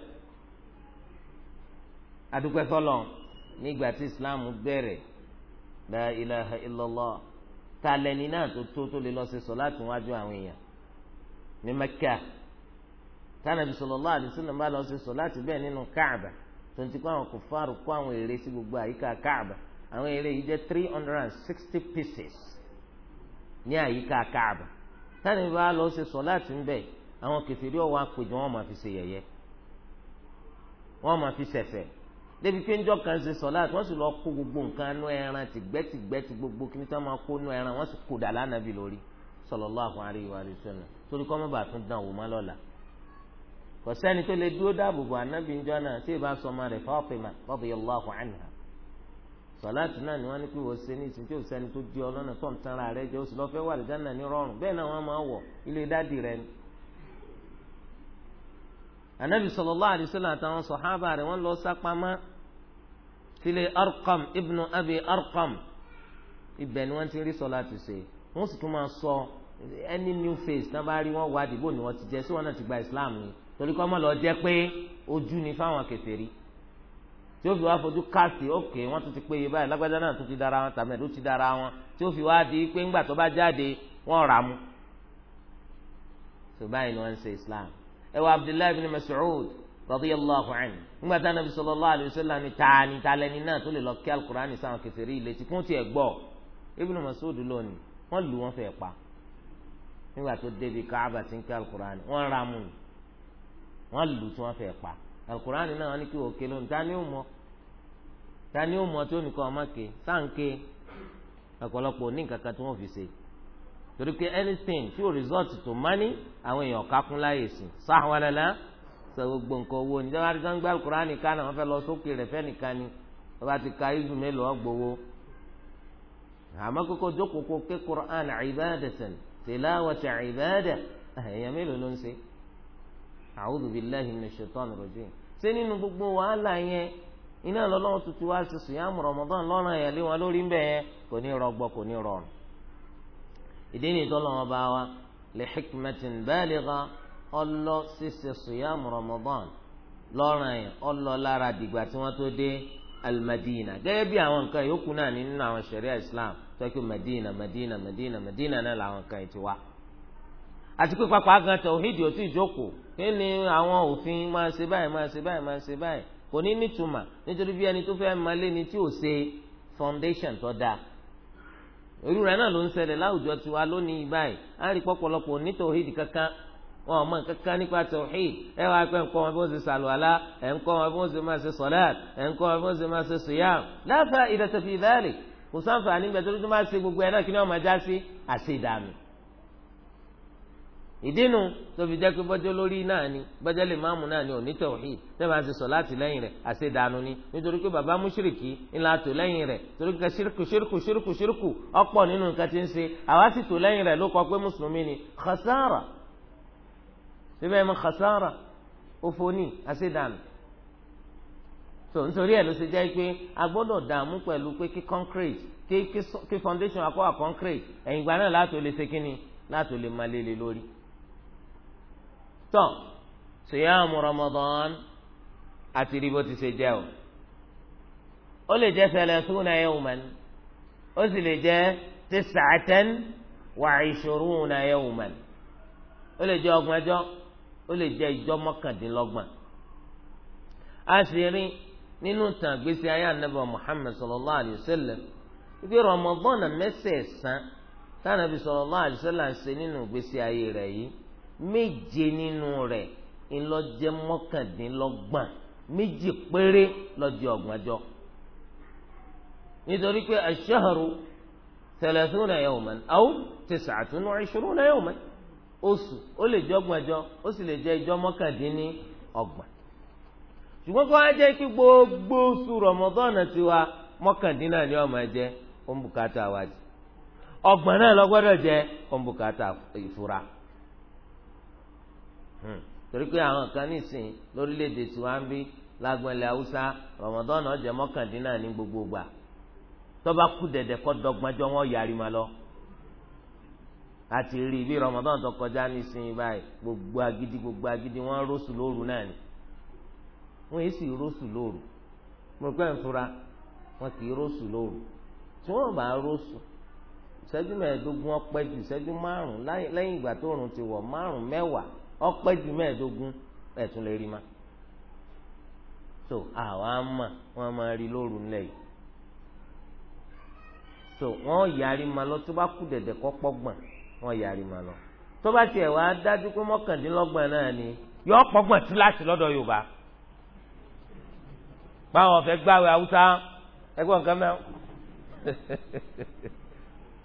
adúpẹ́ fọlọ́n nígbà tí islam bẹ̀rẹ̀ la ilaha illallah ta lẹni náà tó tó tó lè lọ sí sọ láti wájú àwọn èèyàn ní mẹ́kà tánàbí sallallahu alaihi bá lọ sí sọ láti bẹ́ẹ̀ nínú káàbà tonti kó àwọn kòfàrù kó àwọn ère sí gbogbo àyíká káàbà àwọn ère yìí jẹ́ three hundred and sixty pieces ní àyíká káàbà táni bá lọ ṣe sọ láti ń bẹ̀ àwọn kẹfìrí ọwọ́ àpèjọ wọn máa fi ṣe yẹ̀yẹ́ wọn máa fi ṣẹ̀fẹ̀ débi pé njọ́ kan ṣe sọ láti wọ́n sì lọ kó gbogbo nǹkan nú ẹran tìgbẹ́tìgbẹ́ ti gbogbo kí ní tá máa kó nú ẹran wọ́n sì kó dà lánàbì lórí sallallahu alaihi wa sallam torí kọ́ mọ́ bàtún dán wò má lọ́la kò sẹ́ni tó lè dúró dáàbò bò ànábì ń jọ́nà tí ìbá sọmọ rẹ̀ Fátímà radiyallahu anha sọláàtì náà ni wọ́n ní kí wọ́n ṣe ní ìsìn tí ò sẹ́ni tó di ọlọ́nà tó ń tan ara rẹ̀ jẹ́ oṣù lọ́fẹ́ wà lẹ́dánà ní rọrùn bẹ́ẹ̀ náà wọ́n máa wọ̀ ilé dádì rẹ̀ ni. ànábì sallallahu alaihi wasallam àtàwọn sọ̀hábà rẹ̀ wọ́n lọ sápamọ́ sílé Arqam ibnu Abi Arqam ibẹ̀ ni wọ́n ti rí sọláàtì ṣe wọ́n sì tún máa sọ any new face náà bá rí wọ́n wádìí bò ní wọ́n ti jẹ́ sí wọn náà ti gba Islam ni torí kọ́ mọ́ lọ jẹ́ pé ojú ni fáwọn kèfèrí tí ó fi wá fojú káàsì òkè wọ́n tún ti péye báyìí lágbájá náà tún ti dára wọn tàbí ẹ̀dó ti dára wọn tí ó fi wá di pé ńgbà tó bá jáde wọ́n rà mú. ṣùgbọ́n àyìn ni wọ́n ń ṣe Islam ẹ wọ Abdullahi bin Mas'ud radiyallahu anhu ńgbà tá nàbì sallallahu alaihi wasallam ni taani talẹni náà tó lè lọ kí alukurani sáwọn kèfèrí ilé tí kún tiẹ̀ gbọ́ Ibn Mas'ud lónìí wọ́n lù wọ́n fẹ́ pa nígbà tó débi káàbà ti ń kí wọ́n lù tí wọ́n fẹ́ pa alukurani náà wọ́n ní kí wọ́n ké lónìí tani ó mọ̀ tani ó mọ̀ tí ó nìkan ọmọ ké sáǹké ọ̀pọ̀lọpọ̀ ní nǹkan kan tí wọ́n fi ṣe torí pé anything tí ó result to money àwọn èèyàn kakún láyè sí sáwọnẹlẹ sọ gbogbo nǹkan owó ní dáhùn àti sọ́ńgbà alukurani ká náà wọ́n fẹ́ lọ sókè rẹ̀ fẹ́nìkan ni wọ́n bá ti ka izu mélòó ọgbowó àmọ́ kókó jókòó kó ké Qur'an ibadatan tilawata ibada èèyàn mélòó ló ń ṣe a'udhu billahi minash shaitani rajim ṣé nínú gbogbo wàhálà yẹn iná lọ́lọ́run tuntun wá sí sùyàmù rọmọdán lọ́rùn yẹn lé wọn lórí ńbẹ yẹn kò ní rọgbọ kò ní rọrùn. ìdí ni ìtọ́lọ́wọ́n bá wa li hikmatin baligha ọlọ́ ṣíṣe sùyàmù rọmọdán lọ́rùn yẹn ọlọ́ lára dìgbà tí wọ́n tó dé al-Madina gẹ́gẹ́ bí àwọn nǹkan yòókù náà nínú àwọn ṣẹ̀ríà Islam tó Madina Madina Madina Madina náà làwọn nǹkan yìí ti wá àti pé pápá gan tẹ̀wéèdì ò tí ì jókòó kí ni àwọn òfin máa ṣe báyìí máa ṣe báyìí máa ṣe báyìí kò ní nítumọ̀ nítorí bí ẹni tó fẹ́ máa lé ni tí ò ṣe foundation tó dáa irú rẹ̀ náà ló ń ṣẹlẹ̀ láwùjọ tiwa lónìí báyìí á rí pọ̀pọ̀lọpọ̀ ní tẹ̀wéèdì kankan wọn ò mọ nǹkan kan nípa tẹ̀wéèdì ẹ wá pé nǹkan wọn bí ṣe sàlùwàlá ẹ̀ nǹkan wọn bí ṣe máa ṣe sọ̀láàt ẹ̀ nǹkan wọn bí ṣe máa ṣe sùyàm láfa ìdàtẹ̀fì ìdárè kò sáǹfà níbẹ̀ tó tó máa ṣe gbogbo ẹ̀ náà kí ni wọ́n máa já sí àṣìdàmì ìdínú tó fi jẹ́ pé bọ́jọ́ lórí náà ni bọ́jọ́ lè máàmù náà ni òní tauhid tẹ́lẹ̀ máa ṣe sọ̀láàtì lẹ́yìn rẹ̀ àṣedànù ni nítorí pé bàbá mùṣírìkì ńlá tò lẹ́yìn rẹ̀ torí pé ṣírkù ṣírkù ṣírkù ṣírkù ọ̀pọ̀ nínú nǹkan ti ń ṣe àwa sì tò lẹ́yìn rẹ̀ ló kọ pé mùsùlùmí ni khasara síbẹ̀ mọ́ khasara òfò ní àṣedànù so nítorí ẹ ló ṣe jẹ́ pé a gbọ́dọ̀ dààmú pẹ̀lú pé kí concrete kí kí foundation akọ́wà concrete ẹ̀yìn ìgbà náà láti lè ṣe kínni láti lè máa lé lórí tọ́ sèyáàmù Ramadan àti ribo ti ṣe jẹ́ o ó lè jẹ́ salasuna yawman ó sì lè jẹ́ tis'atan wa ishuruna yawman ó lè jẹ́ ọgbọ̀njọ́ ó lè jẹ́ ìjọ mọ́kàndínlọ́gbọ̀n a sì rí nínú tàn gbèsè ayé anabi Muhammad sallallahu alayhi wa sallam ibi Ramadan mẹ́sẹ̀ẹ̀sán tànàbí sallallahu alayhi wa sallam ṣe nínú gbèsè ayé rẹ̀ yìí méje nínú rẹ̀ ńlọ́jẹ́ mọ́kàndínlọ́gbọ̀n méjì péré lọ́jọ́ ọ̀gbọ́njọ́ nítorí pé ash-shahru thalathuna yawman aw tis'atun wa ishruna yawman oṣù ó lè jẹ́ ọgbọ̀njọ́ ó sì lè jẹ́ ìjọ́ mọ́kàndínlọ́gbọ̀n ṣùgbọ́n kó wá jẹ́ kí gbogbo oṣù tiwa mọ́kàndínlá ni ọmọ bùkátà wájú náà bùkátà ìfura. Hmm. torí pé àwọn kan nísìn lórílẹ̀‐èdè tiwa ń bí lágbọ̀nlẹ̀ haúsá rọ̀mọ̀dọ́nà ọ̀jẹ̀ mọ́kàndínlá ní gbogbo gbà tọ́ba kú dẹ̀dẹ̀ kọ́ dọ́gbọ́njọ́ wọn yàrí ma lọ àti rí bí rọ̀mọ̀dọ́nà tó kọjá nísìn báyìí gbogbo agidi gbogbo agidi wọn rósù lóru náà ni wọn èsì rósù lóru mo pẹ́ ń fura wọn kì í rósù lóru tí wọn bá rósù ìṣẹ́jú mẹ́ẹ̀ẹ́dógún ọpẹ́ ìṣẹ́jú márùn-ún lẹ́yìn ìgbà tó rùn ti wọ̀ márùn-ún mẹ́wàá ọpẹ́ ju mẹ́ẹ̀ẹ́dógún ẹ̀tún lè rí ma so àwa mà wọ́n máa rí lóru ńlẹ̀ yìí so wọ́n yàrí ma lọ tó bá kú dẹ̀dẹ̀ kọ́ pọ́gbọ̀n wọ́n yàrí ma lọ tó bá tiẹ̀ wá dájú pé mọ́kàndínlọ́gbọ̀n náà ni yọ pọ́gbọ̀n tí láti lọ́dọ̀ Yorùbá báwọn fẹ́ gbáwé Haúsá ẹgbọ́n kan mẹ́wọ́n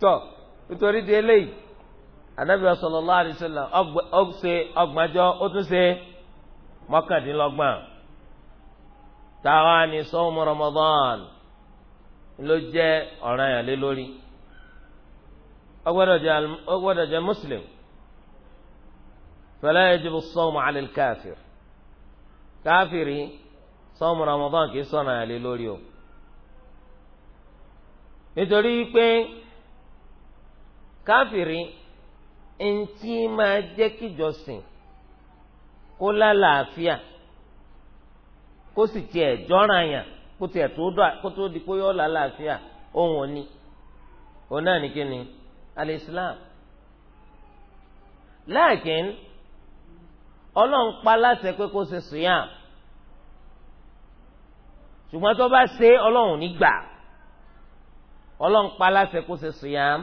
tọ́ nítorí di eléyìí anabi sallallahu alaihi wasallam ọgbẹ ọgbọ̀njọ́ ó tún ṣe mọ́kàndínlọ́gbọ̀n táwa ni sọmu ramadan ló jẹ́ ọ̀ràn yàn lé lórí ọgbọ́dọ̀ jẹ́ muslim fala yajibu sọmu ala al-kafir káfìrí sọmu ramadan kì í sọ̀nà yàn lé lórí o nítorí pé káfìrí ntí máa jẹ́ kíjọsìn kó lálàáfíà kó sì tiẹ̀ jọ́ra yàn kó tiẹ̀ tó dọ̀ kó tó di pé yọ lálàáfíà òun ò ní òun náà ní kíni alẹ́sìláàmù láàkín ọlọ́run pa láṣẹ pé kó ṣe sùyàm ṣùgbọ́n tó bá ṣe ọlọ́run nígbà ọlọ́run pa láṣẹ kó ṣe sùyàm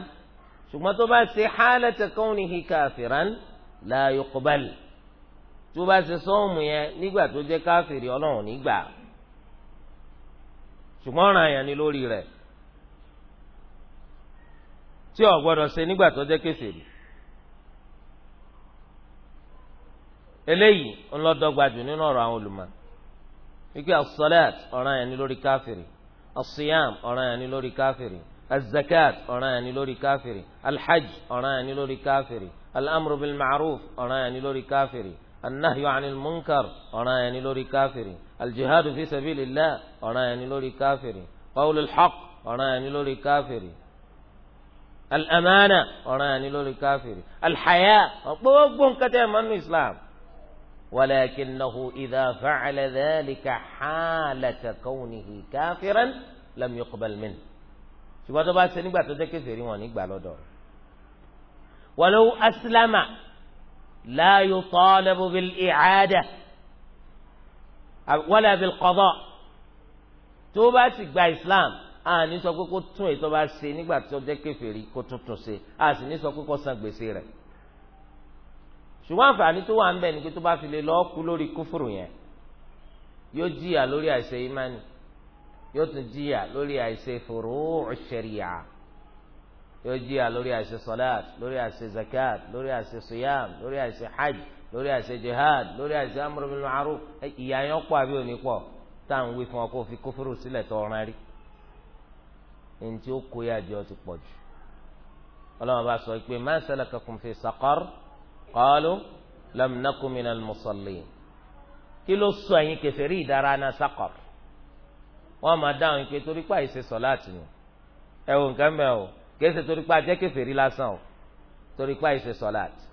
ṣùgbọ́n tó bá ṣe hálata kawnihi káfìrán la yuqbal tó bá ṣe sọ́ọ̀mù yẹn nígbà tó jẹ́ káfìrí ọlọ́run nígbà ṣùgbọ́n ọ̀ràn àyàn ni lórí rẹ̀ tí ò gbọ́dọ̀ ṣe nígbà tó jẹ́ kèfèrí eléyìí ńlọ́dọ́gba jù nínú ọ̀rọ̀ àwọn olùmọ̀ wípé as-salat ọ̀ràn ni lórí káfìrí as-siyam ọ̀ràn ni lórí káfìrí. الزكاة أراني يعني لوري كافري الحج أراني يعني لوري كافري الأمر بالمعروف أراني يعني لوري كافري النهي عن المنكر أراني لوري كافري الجهاد في سبيل الله أراني لوري كافري قول الحق أراني لوري كافري الأمانة أراني لوري كافري الحياة بوبون كتير من الإسلام ولكنه إذا فعل ذلك حالة كونه كافرا لم يقبل منه ṣùgbọ́n tó bá ṣe nígbà tó jẹ́ kèfèrí wọn nígbà lọ́dọ̀ rẹ̀. walau aslama la yutalabu bil i'ada wala bil qada tó bá sì gba islam a ní sọ pé kó tún èyí tó bá ṣe nígbà tó jẹ́ kèfèrí kó tuntun ṣe a sì ní sọ pé kó san gbèsè rẹ̀ ṣùgbọ́n àǹfààní tó wà ń bẹ ni pé tó bá fi lè lọ́ọ́ kú lórí kúfùrù yẹn yóò jìyà lórí àìṣe ìmánì yóò tún jìyà lórí àìṣe furu' sharia yóò jìyà lórí àìṣe salat lórí àìṣe zakat lórí àìṣe siyam lórí àìṣe hajj lórí àìṣe jihad lórí àìṣe amru bil ma'ruf ìyá yẹn pọ̀ àbí òní pọ̀ tá à ń wí fún ọ kó fi kófóró sílẹ̀ tó ọ̀ràn rí ẹni tí ó kó yá jọ ti pọ̀ jù ọlọ́run bá sọ pé ma salakakum fi saqar qalu lam naku kí ló sọ ẹ̀yin kèfèrí ìdára náà saqar wọ́n máa dáhùn pé torí pa ìṣe sọ̀láàtì ni ẹ wò nǹkan mẹ́ o kì í ṣe torí pa jẹ́ kèfèrí lásán o torí pa ìṣe sọ̀láàtì.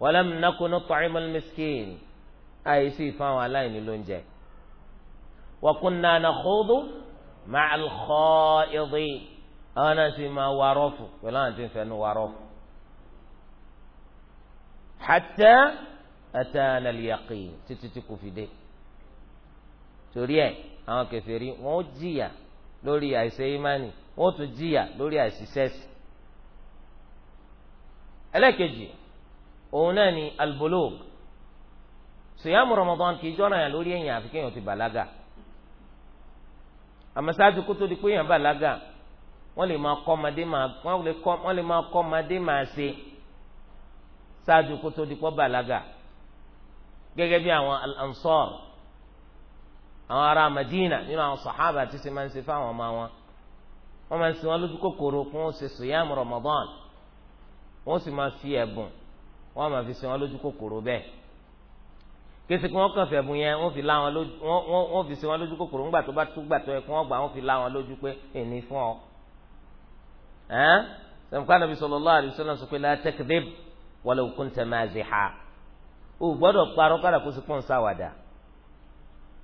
walam nakunu ta'imul miskin àìsí ìfáwọn aláìní ló ń jẹ wa kunna nakhudu ma'al khaidin àwọn náà sì máa wà rọ́ọ̀fù pẹ̀lú àwọn tí ń fẹ́ nu wà rọ́ọ̀fù. hatta atana al títí tí kò fi dé torí ẹ̀ àwọn kèfèrí wọn ó jìyà lórí àìṣe ìmánì wọn ó tún jìyà lórí àìṣiṣẹ́sì. ẹlẹ́kejì òun náà ni albolog sèyàmù Ramadan kì í jọ́nà yàn lórí èèyàn àfi kéèyàn ti bàlágà àmọ́sáájú kó tó di pé èèyàn bàlágà wọ́n lè máa kọ́ ọmọdé máa wọ́n lè máa kọ́ ọmọdé máa ṣe sáájú kó tó di pé bàlágà gẹ́gẹ́ bí àwọn al àwọn ará Madina nínú àwọn sàhábà tí ṣe máa ń ṣe fáwọn ọmọ wọn wọ́n máa ń sin wọn lójú kòkòrò kí wọ́n ṣe sòyàmù Ramadan wọ́n sì máa fi ẹ̀bùn wọ́n máa fi sin wọn lójú kòkòrò bẹ́ẹ̀ kesi kí wọn kàn fẹ́ bu yẹn wọn fi la wọn lójú wọn wọn fi ṣe wọn lójú kòkòrò ńgbà tó bá tó gbà tó yẹ kí wọn gbà wọn fi la wọn lójú pé èmi fún ọ. ẹn sọmkà nàbí sallallahu alaihi wasallam sọ pé la takdhib walau kunta maziha kára kó sì pọn sáwàdà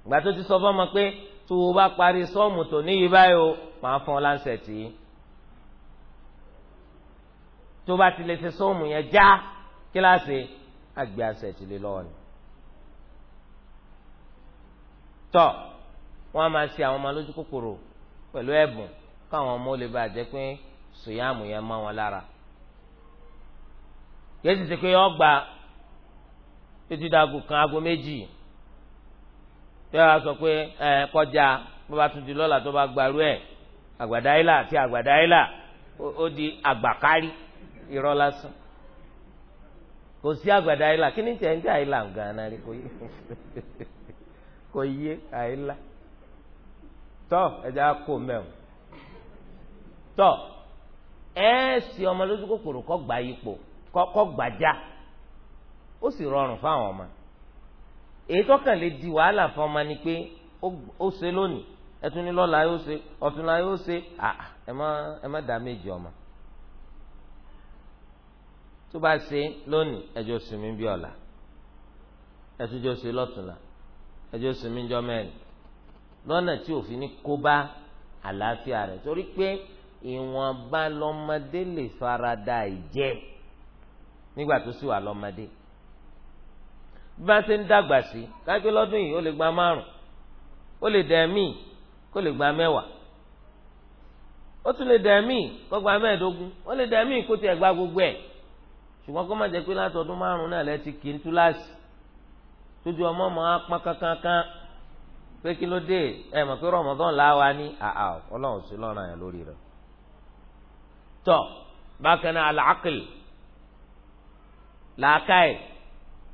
ìgbà tó ti sọ fọ́mọ pé tó o bá parí sọ́ọ̀mù tó níyì báyìí o máa fún ọ láǹṣẹ̀ tì í tó bá ti lè ṣe sọ́ọ̀mù yẹn já kíláàsì àgbẹ̀ àṣẹ̀ tì lè lọ́wọ́ ni. tọ́ wọ́n á máa ṣe àwọn ọmọ lójú kòkòrò pẹ̀lú ẹ̀bùn káwọn ọmọ lè bá pé sòyàmù yẹn mọ́ wọn lára yéé ti ṣe pé ọgbà títí dago kan aago méjì yóò a sọ pé ẹ kọjá bó bá tún di lọ́la tó bá gbarú ẹ àgbàdá ilà àti àgbàdá ilà ó di àgbàkárí irọ́ lásán kò sí àgbàdá ilà kí ni tẹ̀ ń àìlà gan-an rí kò yé kò yé àìlà tọ́ ẹ̀jẹ̀ á kó mẹ́wọ̀n ẹ sì ọmọ lójú kòkòrò èyí tọ́kàn lè di wàhálà fún ọmọ ni pé ó ṣe lónìí ẹtún ní lọ́la yóò ṣe ọ̀túnla yóò ṣe ẹ má ẹ má dá méjì ọmọ tó bá ṣe lónìí ẹjọ́ sinmi bí ọ̀la ẹtún jọ ṣe lọ́túnla ẹjọ́ sinmi jọ mẹ́rin lọ́nà tí òfin ní kó bá àlàáfíà rẹ̀ torí pé ìwọ̀nba lọ́mọdé lè farada ìjẹ́ nígbà tó sì wà lọ́mọdé bí wọ́n ṣe ń dàgbà sí kápẹ́ lọ́dún yìí ó lè gba márùn ó lè dẹ̀ míì kó lè gba mẹ́wàá ó tún lè dẹ̀ míì kó gba mẹ́ẹ̀ẹ́dógún ó lè dẹ̀ míì kó tiẹ̀ gba gbogbo ẹ̀ ṣùgbọ́n kó má jẹ́ pé látọdún márùn náà lẹ́ẹ̀tì kì í túláàsì tójú ọmọ ọmọ apá kankankan pé kí ló dé ẹ mọ̀ pé rọmọdán làwa ní àà ọlọ́run sí lọ́rùn àyàn lórí rẹ̀ tọ́ bákan náà al-aql làákàyè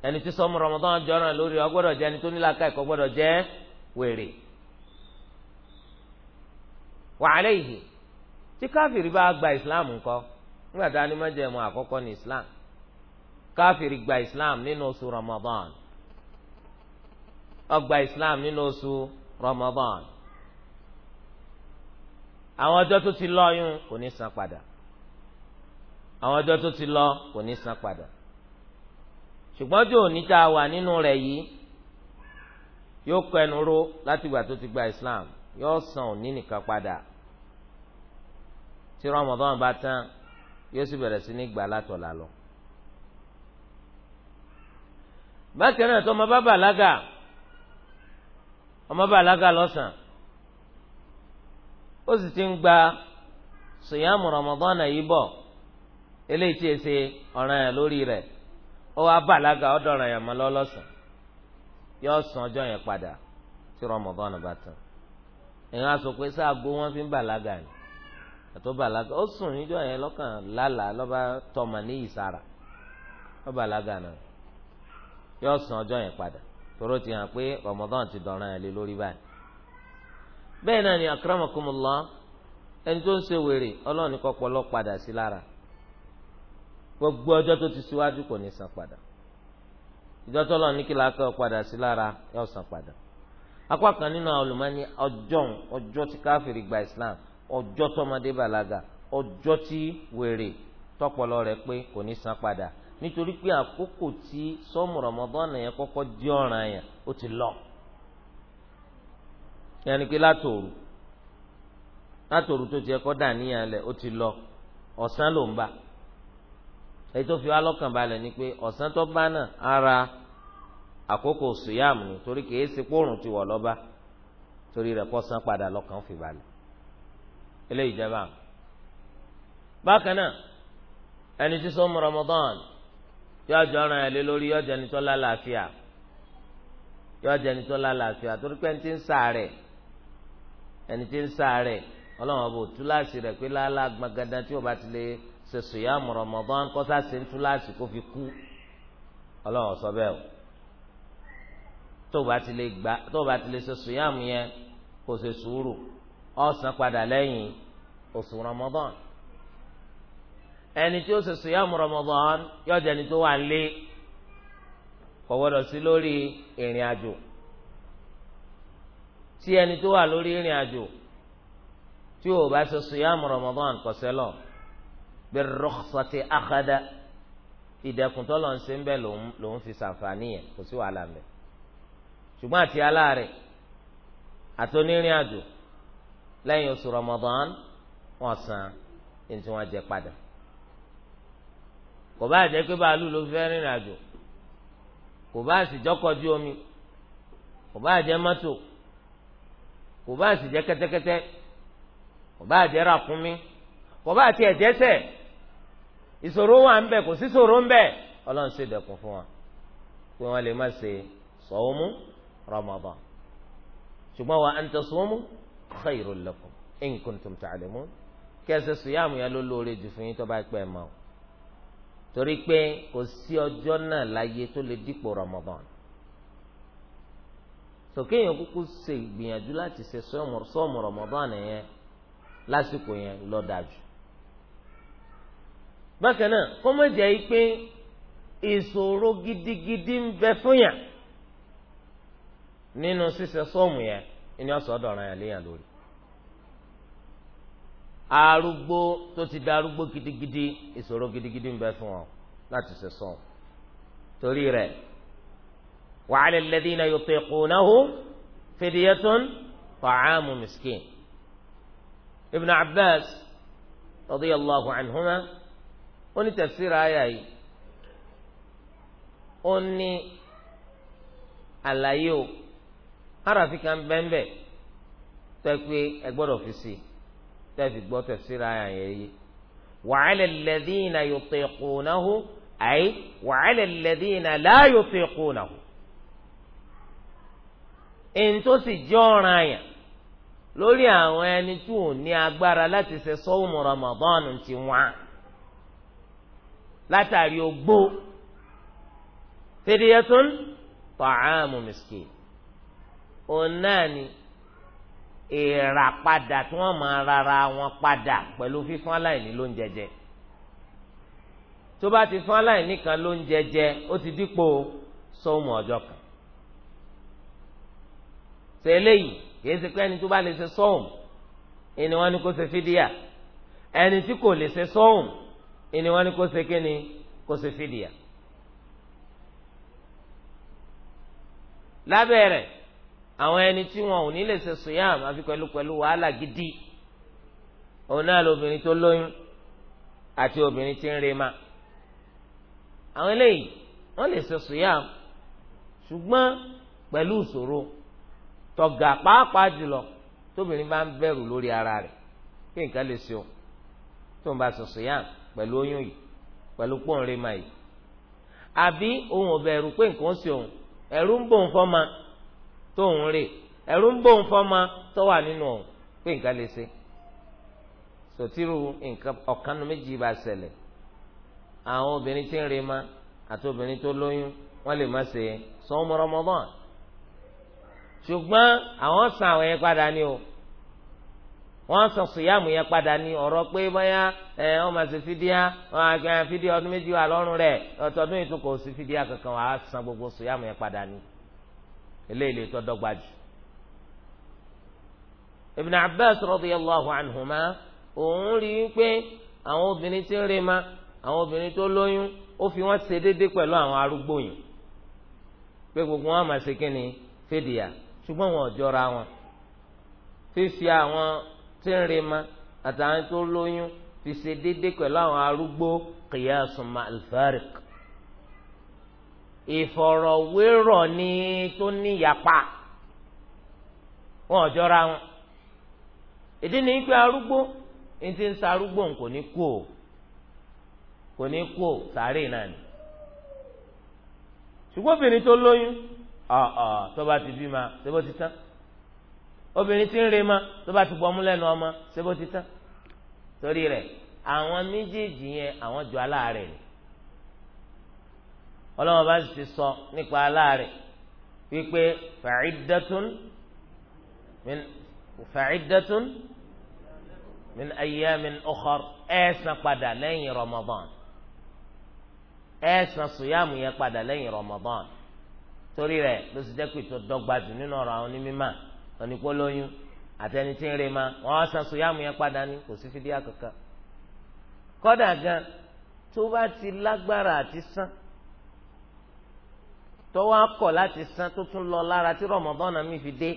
ẹni tí sọmu Ramadan jọrọ lórí ọ gbọ́dọ̀ jẹ ẹni tó ní làákà ẹkọ gbọ́dọ̀ jẹ wèrè wa alayhi tí káfìrí bá gba islam ńkọ́ nígbà tá a ní májẹ̀mú àkọ́kọ́ ní islam káfìrí gba islam nínú oṣù Ramadan ó gba islam nínú oṣù Ramadan àwọn ọjọ́ tó ti lọ yún kò ní san padà àwọn ọjọ́ tó ti lọ kò ní san padà ṣùgbọ́n tí òní tá a wà nínú rẹ̀ yìí yóò kọ ẹnu ró láti ìgbà tó ti gba Islam yóò san òní nìkan padà tí Ramadan bá tán yóò sì bẹ̀rẹ̀ sí ní gbà látọ̀lá lọ. bákan náà tó ọmọ bá bàlágà ọmọ bàlágà lọ́sàn ó sì ti ń gba sòyàmù Ramadan yìí bọ̀ eléyìí tí e ṣe ọ̀ranyàn lórí rẹ̀ Ọ wá bàlágà ọ dọrọ ya mọ́ lọ́lọ́sàn yóò san ọjọ́ yẹn padà tí rọmọbọ́n bá tán èèyàn á pé sáàgó wọn fi ń bàlágà ni ọ bàlágà ó sùn níjọ́ yẹn lọ́kàn lálàá lọ́ba tọmọ ní ìsara ó náà san ọjọ́ yẹn padà tóró ti hàn pé ti yẹn lé lórí báyìí gbogbo ọjọ́ tó ti síwájú kò ní san padà ìjọ tọ́lọ̀ ní kí làákà padà sí lára yóò san padà apá kan nínú àwọn ọjọ́ ọjọ́ tí káfíìrì gba Islam ọjọ́ tọmọdé bàlágà ọjọ́ tí wèrè tọpọlọ rẹ̀ pé kò ní san padà nítorí pé àkókò tí sọ́mù rọ̀mọ́dọ́nà yẹn kọ́kọ́ di ọ̀ràn yẹn ó ti lọ yẹnni pé látòrù látòrù tó ti ẹ̀kọ́ dà níyàn lẹ̀ ó ti lọ ọ̀sán ló ń bá èyí tó fi wá lọ́kàn balẹ̀ ni pé ọ̀sán tó bá náà ara àkókò sùyàm ni torí kìí ṣe kóòrùn ti wọ̀ lọ́ba torí rẹ̀ pọ́sán padà lọ́kàn fi balẹ̀ eléyìí jẹ́ báà bákan náà ẹni tí sọ́mu Ramadan yóò jọ ọ̀ràn ẹ̀ lé lórí yóò jẹ́ ẹni tó lálàáfíà yóò jẹ́ ẹni tó lálàáfíà torí pé ẹni tí ń ṣàárẹ̀ ẹni tí ń ṣàárẹ̀ ọlọ́run ọba ò tú rẹ̀ pé lálá gbọ̀ngàdàn tí ò bá ti lè ṣe sùyàmù Ramadan kọ́sá ṣe ń túláàsì kó fi kú ọlọ́run sọ bẹ́ẹ̀ o tó o bá ti lè ṣe sùyàmù yẹn kó ṣe sùúrù ọ̀sán padà lẹ́yìn oṣù Ramadan ẹni tí ó ṣe sùyàmù Ramadan yóò jẹ́ ẹni tó wà lé kò gbọ́dọ̀ sí lórí ìrìn àjò tí ẹni tó wà lórí ìrìn àjò tí o bá ṣe sùyàmù Ramadan kọ̀ṣẹ́ lọ́wọ́ birrukhsati akhada ìdẹ̀kùn tó lọ́n ṣe ń bẹ̀ lòún fi ṣàǹfààní yẹn kò sí wàhálà mẹ́ ṣùgbọ́n àti aláàrẹ̀ àti onírìn àjò lẹ́yìn oṣù Ramadan wọ́n san ní tí wọ́n jẹ padà kò bá jẹ́ pé bàálù ló fẹ́ rìnrìn àjò kò bá sì jọ́kọ̀ ju omi kò bá jẹ́ mọ́tò kò bá sì jẹ́ kẹ́tẹ́kẹ́tẹ́ kò bá jẹ́ ràkúnmí kò bá tiẹ̀ jẹ́sẹ̀ ìṣòro wà ń bẹ kò sí ìṣòro ń bẹ ọlọ́run ṣe dẹ̀kun fún wa pé wọ́n lè má ṣe sọ́ọ́mù Ramadan ṣùgbọ́n wa an tasumu khairul lakum in kuntum ta'lamun kẹsẹ̀ sùyàmù yẹn ló lóore jù fún yín tó bá pẹ́ mọ́ torí pé kò sí ọjọ́ náà láyé tó lè dípò Ramadan sòkè yẹn kúkú ṣe ìgbìyànjú láti ṣe sọ́ọ̀mù Ramadan yẹn lásìkò yẹn lọ́dàjù bákan náà kọ́mọ̀jẹ́ yìí pé ìṣòro gidigidi ń bẹ fún yàn nínú sọ́ọ̀mù yẹn ni wọ́n sọ dọ̀ràn yàn léyàn lórí. arúgbó ti gidigidi ìṣòro gidigidi ń bẹ fún ọ láti sọ́ọ̀mù torí rẹ̀ miskin. Ibn Abbas ó ní tafsir yìí ó ní àlàyé o aráàfin kan bẹ́ńbẹ́ tẹ́ pé ẹ gbọ́dọ̀ fi sí tẹ́ fi gbọ́ tafsir àyà yẹn yìí wa 'ala alladhina yutiqunahu ay wa 'ala alladhina la yutiqunahu èyí tó sì lati ọ̀ràn àyàn lórí àwọn ẹni ní agbára láti ṣe sọ́wọ́mù Ramadan ti wọ́n látàrí ogbó fìdíyẹtún tọ̀hámù miskin òun náà ni ìrà padà tí wọ́n máa rárá wọn padà pẹ̀lú fífún aláìní ló ń jẹjẹ tó bá ti fún aláìní kan ló ń jẹjẹ ó ti dípò sọ́ọ̀mù ọjọ́ kan tẹ́lẹ̀ kìí ṣe pé ẹni tó bá lè ṣe sọ́ọ̀mù ẹni wọn ni kó ṣe fídíà ẹni tí kò lè ṣe sọ́ọ̀mù ìní wọn ni kó ṣe kí ni kó ṣe fìdíà. lábẹ́rẹ̀ àwọn ẹni tí wọn ò ní lè ṣe sùyàm àfi pẹ̀lú pẹ̀lú wàhálà gidi òun náà lóbìnrin tó lóyún àti obìnrin tí ń rema àwọn eléyìí wọn lè ṣe sùyàm ṣùgbọ́n pẹ̀lú ìṣòro tọ̀gà pàápàá jùlọ tóbìnrin bá ń bẹ̀rù lórí ara rẹ̀ kí nǹkan lè ṣe o tó bá ṣe sùyàm pẹ̀lú oyún yìí pẹ̀lú pọ́nrẹ́ máa yìí àbí òun ò bẹ̀rù pé nǹkan ó sì òun ẹ̀rù ń bò ń fọ́mọ tó ń rè ẹ̀rù ń bò ń fọ́mọ tó wà nínú òun pé nǹkan lè ṣe sòtírù nǹkan ọ̀kanu méjì bá ṣẹlẹ̀ àwọn obìnrin tí ń rè ma àti obìnrin tó lóyún wọ́n lè má ṣe sọ́mọ́ ṣùgbọ́n àwọn san àwọn yẹn padà ní o wọ́n sọ síyàmù yẹn padà ní ọ̀rọ̀ pé bóyá ẹ wọ́n máa ṣe fídíà wọ́n á gbẹ fídíà ọdún méjì wà lọ́rùn rẹ̀ ọ̀tọ̀ọdún yìí tún kò sí fídíà kankan wà á san gbogbo síyàmù yẹn padà ní eléyìí lè tọ́ jù. Ibn Abbas radiyallahu anhuma òun rí i pé àwọn obìnrin tí ń rema àwọn obìnrin tó lóyún ó fi wọ́n ṣe déédéé pẹ̀lú àwọn arúgbó yìí pé gbogbo wọn máa ṣe kíni fídíà ṣùgbọ́n wọn ò jọra wọn fífi àwọn tí ń rí ma àtàwọn tó lóyún fi ṣe déédéé pẹ̀lú àwọn arúgbó qiyasun ma'al fariq ìfọ̀rọ̀wérọ̀ ni tó níyapa wọn ò jọra wọn ìdí ni pé arúgbó ní ti ń sa arúgbó kò ní kú o kò ní kú o sàárè náà ni ṣùgbọ́n obìnrin tó lóyún ọ̀ọ̀ tó bá ti bí ma ṣe bó ti tán obìnrin tí ń re ma tó bá ti bọ́mú lẹ́nu ọmọ ṣé bó ti tán torí rẹ̀ àwọn méjèèjì yẹn àwọn jọ aláàárẹ̀ ni ọlọ́wọ́n bá ti sọ nípa aláàárẹ̀ wípé fa'iddatun min fa'iddatun min ayyamin ukhar ẹ̀ẹ́sán padà lẹ́yìn Ramadan ẹ̀ẹ́sán sùyàmù yẹn padà lẹ́yìn Ramadan torí rẹ̀ ló ti jẹ́ pé tó dọ́gba jù nínú ọ̀rọ̀ àwọn onímọ̀ onípò lóyún àti ẹni tí ń re ma wọn á san sòyàmù yẹn padà ní kò sí fídíà kankan kódà gan tó bá ti lágbára àti san tọwọ́ akọ̀ láti san tó tún lọ lára tí rọmọbọ́nà mi fi dé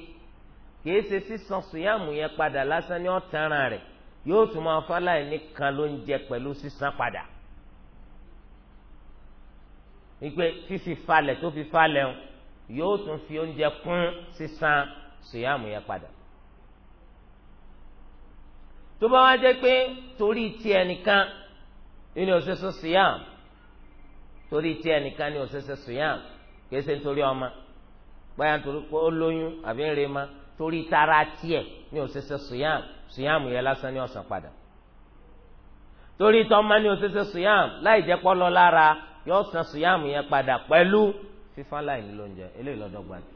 kìí ṣe sísan sòyàmù yẹn padà lásán ní ọ̀tanràn rẹ̀ yóò tún máa fáláì nìkan ló ń jẹ pẹ̀lú sísan padà wípé fífi falẹ̀ tó fi falẹ̀ yóò tún fi oúnjẹ kún sísan síyàmù yẹn padà tó bá wá jẹ́ pé torí ti ẹnìkan ni òṣèṣe síyàmù torí ti ẹnìkan ni òṣèṣe síyàmù kìí nítorí ọmọ báyà nítorí pé ó lóyún àbí ń re torí tara tiẹ̀ ni òṣèṣe síyàmù síyàmù yẹn lásán ni ó san padà torí tọ́mọ ni òṣèṣe síyàmù láì jẹ́ pọ́ lọ lára yóò san yẹn padà pẹ̀lú fífá láì ní lóúnjẹ eléyìí lọ́dọ̀ gbàdúrà.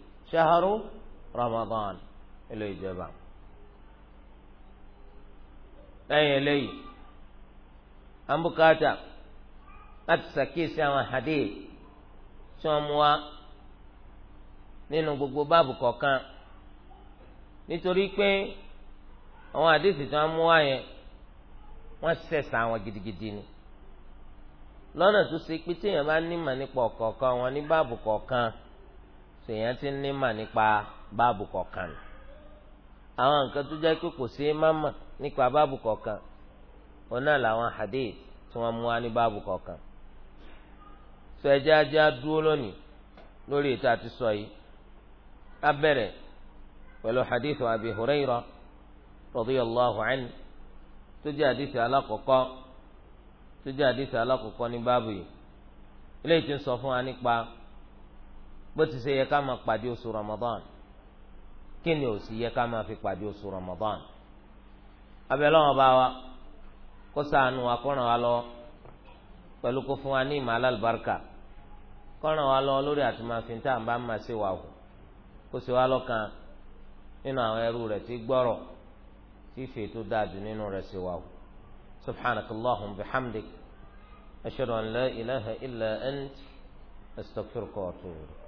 ṣaharu ramadan ilé ìjọba lẹ́yìn eléyìí ambukata na ṣàkíyèsí àwọn hadith tí nínú gbogbo báàbù kọ̀ọ̀kan nítorí pé àwọn hadith tí wọ́n mú wa yẹn wọ́n ṣẹ̀ṣà gidigidi ni lọ́nà tó ṣe pé téèyàn bá nímọ̀ nípa ọ̀kọ̀ọ̀kan wọn ní báàbù kọ̀ọ̀kan. sèyàn ti ní mà nípa báàbù kọ̀ọ̀kan nù àwọn nǹkan tó jẹ́ pé kò sí máma nípa báàbù kọ̀ọ̀kan òun náà làwọn hadith tí wọ́n mú wá ní báàbù kọ̀ọ̀kan sọ ẹjẹ́ ajé adúró lónìí lórí ètò àti sọ yìí á bẹ̀rẹ̀ pẹ̀lú hadith Abi Hurayra radiyallahu anhu tó jẹ́ hadith alákọ̀ọ́kọ́ tó jẹ́ hadith alákọ̀ọ́kọ́ ní báàbù yìí bó ti ṣe yẹ ká máa pàdé oṣù ramadan kí ni ò sì yẹ ká máa fi pàdé oṣù ramadan abẹ́lẹ́ wọn bá wa kó ṣàánú wa kó ràn wá lọ pẹ̀lú kó fún wa ní ìmọ̀ alálùbáríkà kó ràn lọ lórí àti tá à ń bá máa ṣe wà o kó ṣe wá lọ́kàn nínú àwọn ẹrú rẹ̀ tí gbọ́rọ̀ tí ìfẹ́ tó dáa jù nínú rẹ̀ ṣe wà o subhanakallahumma bihamdik ashhadu an la ilaha illa ant astaghfiruka wa atubu.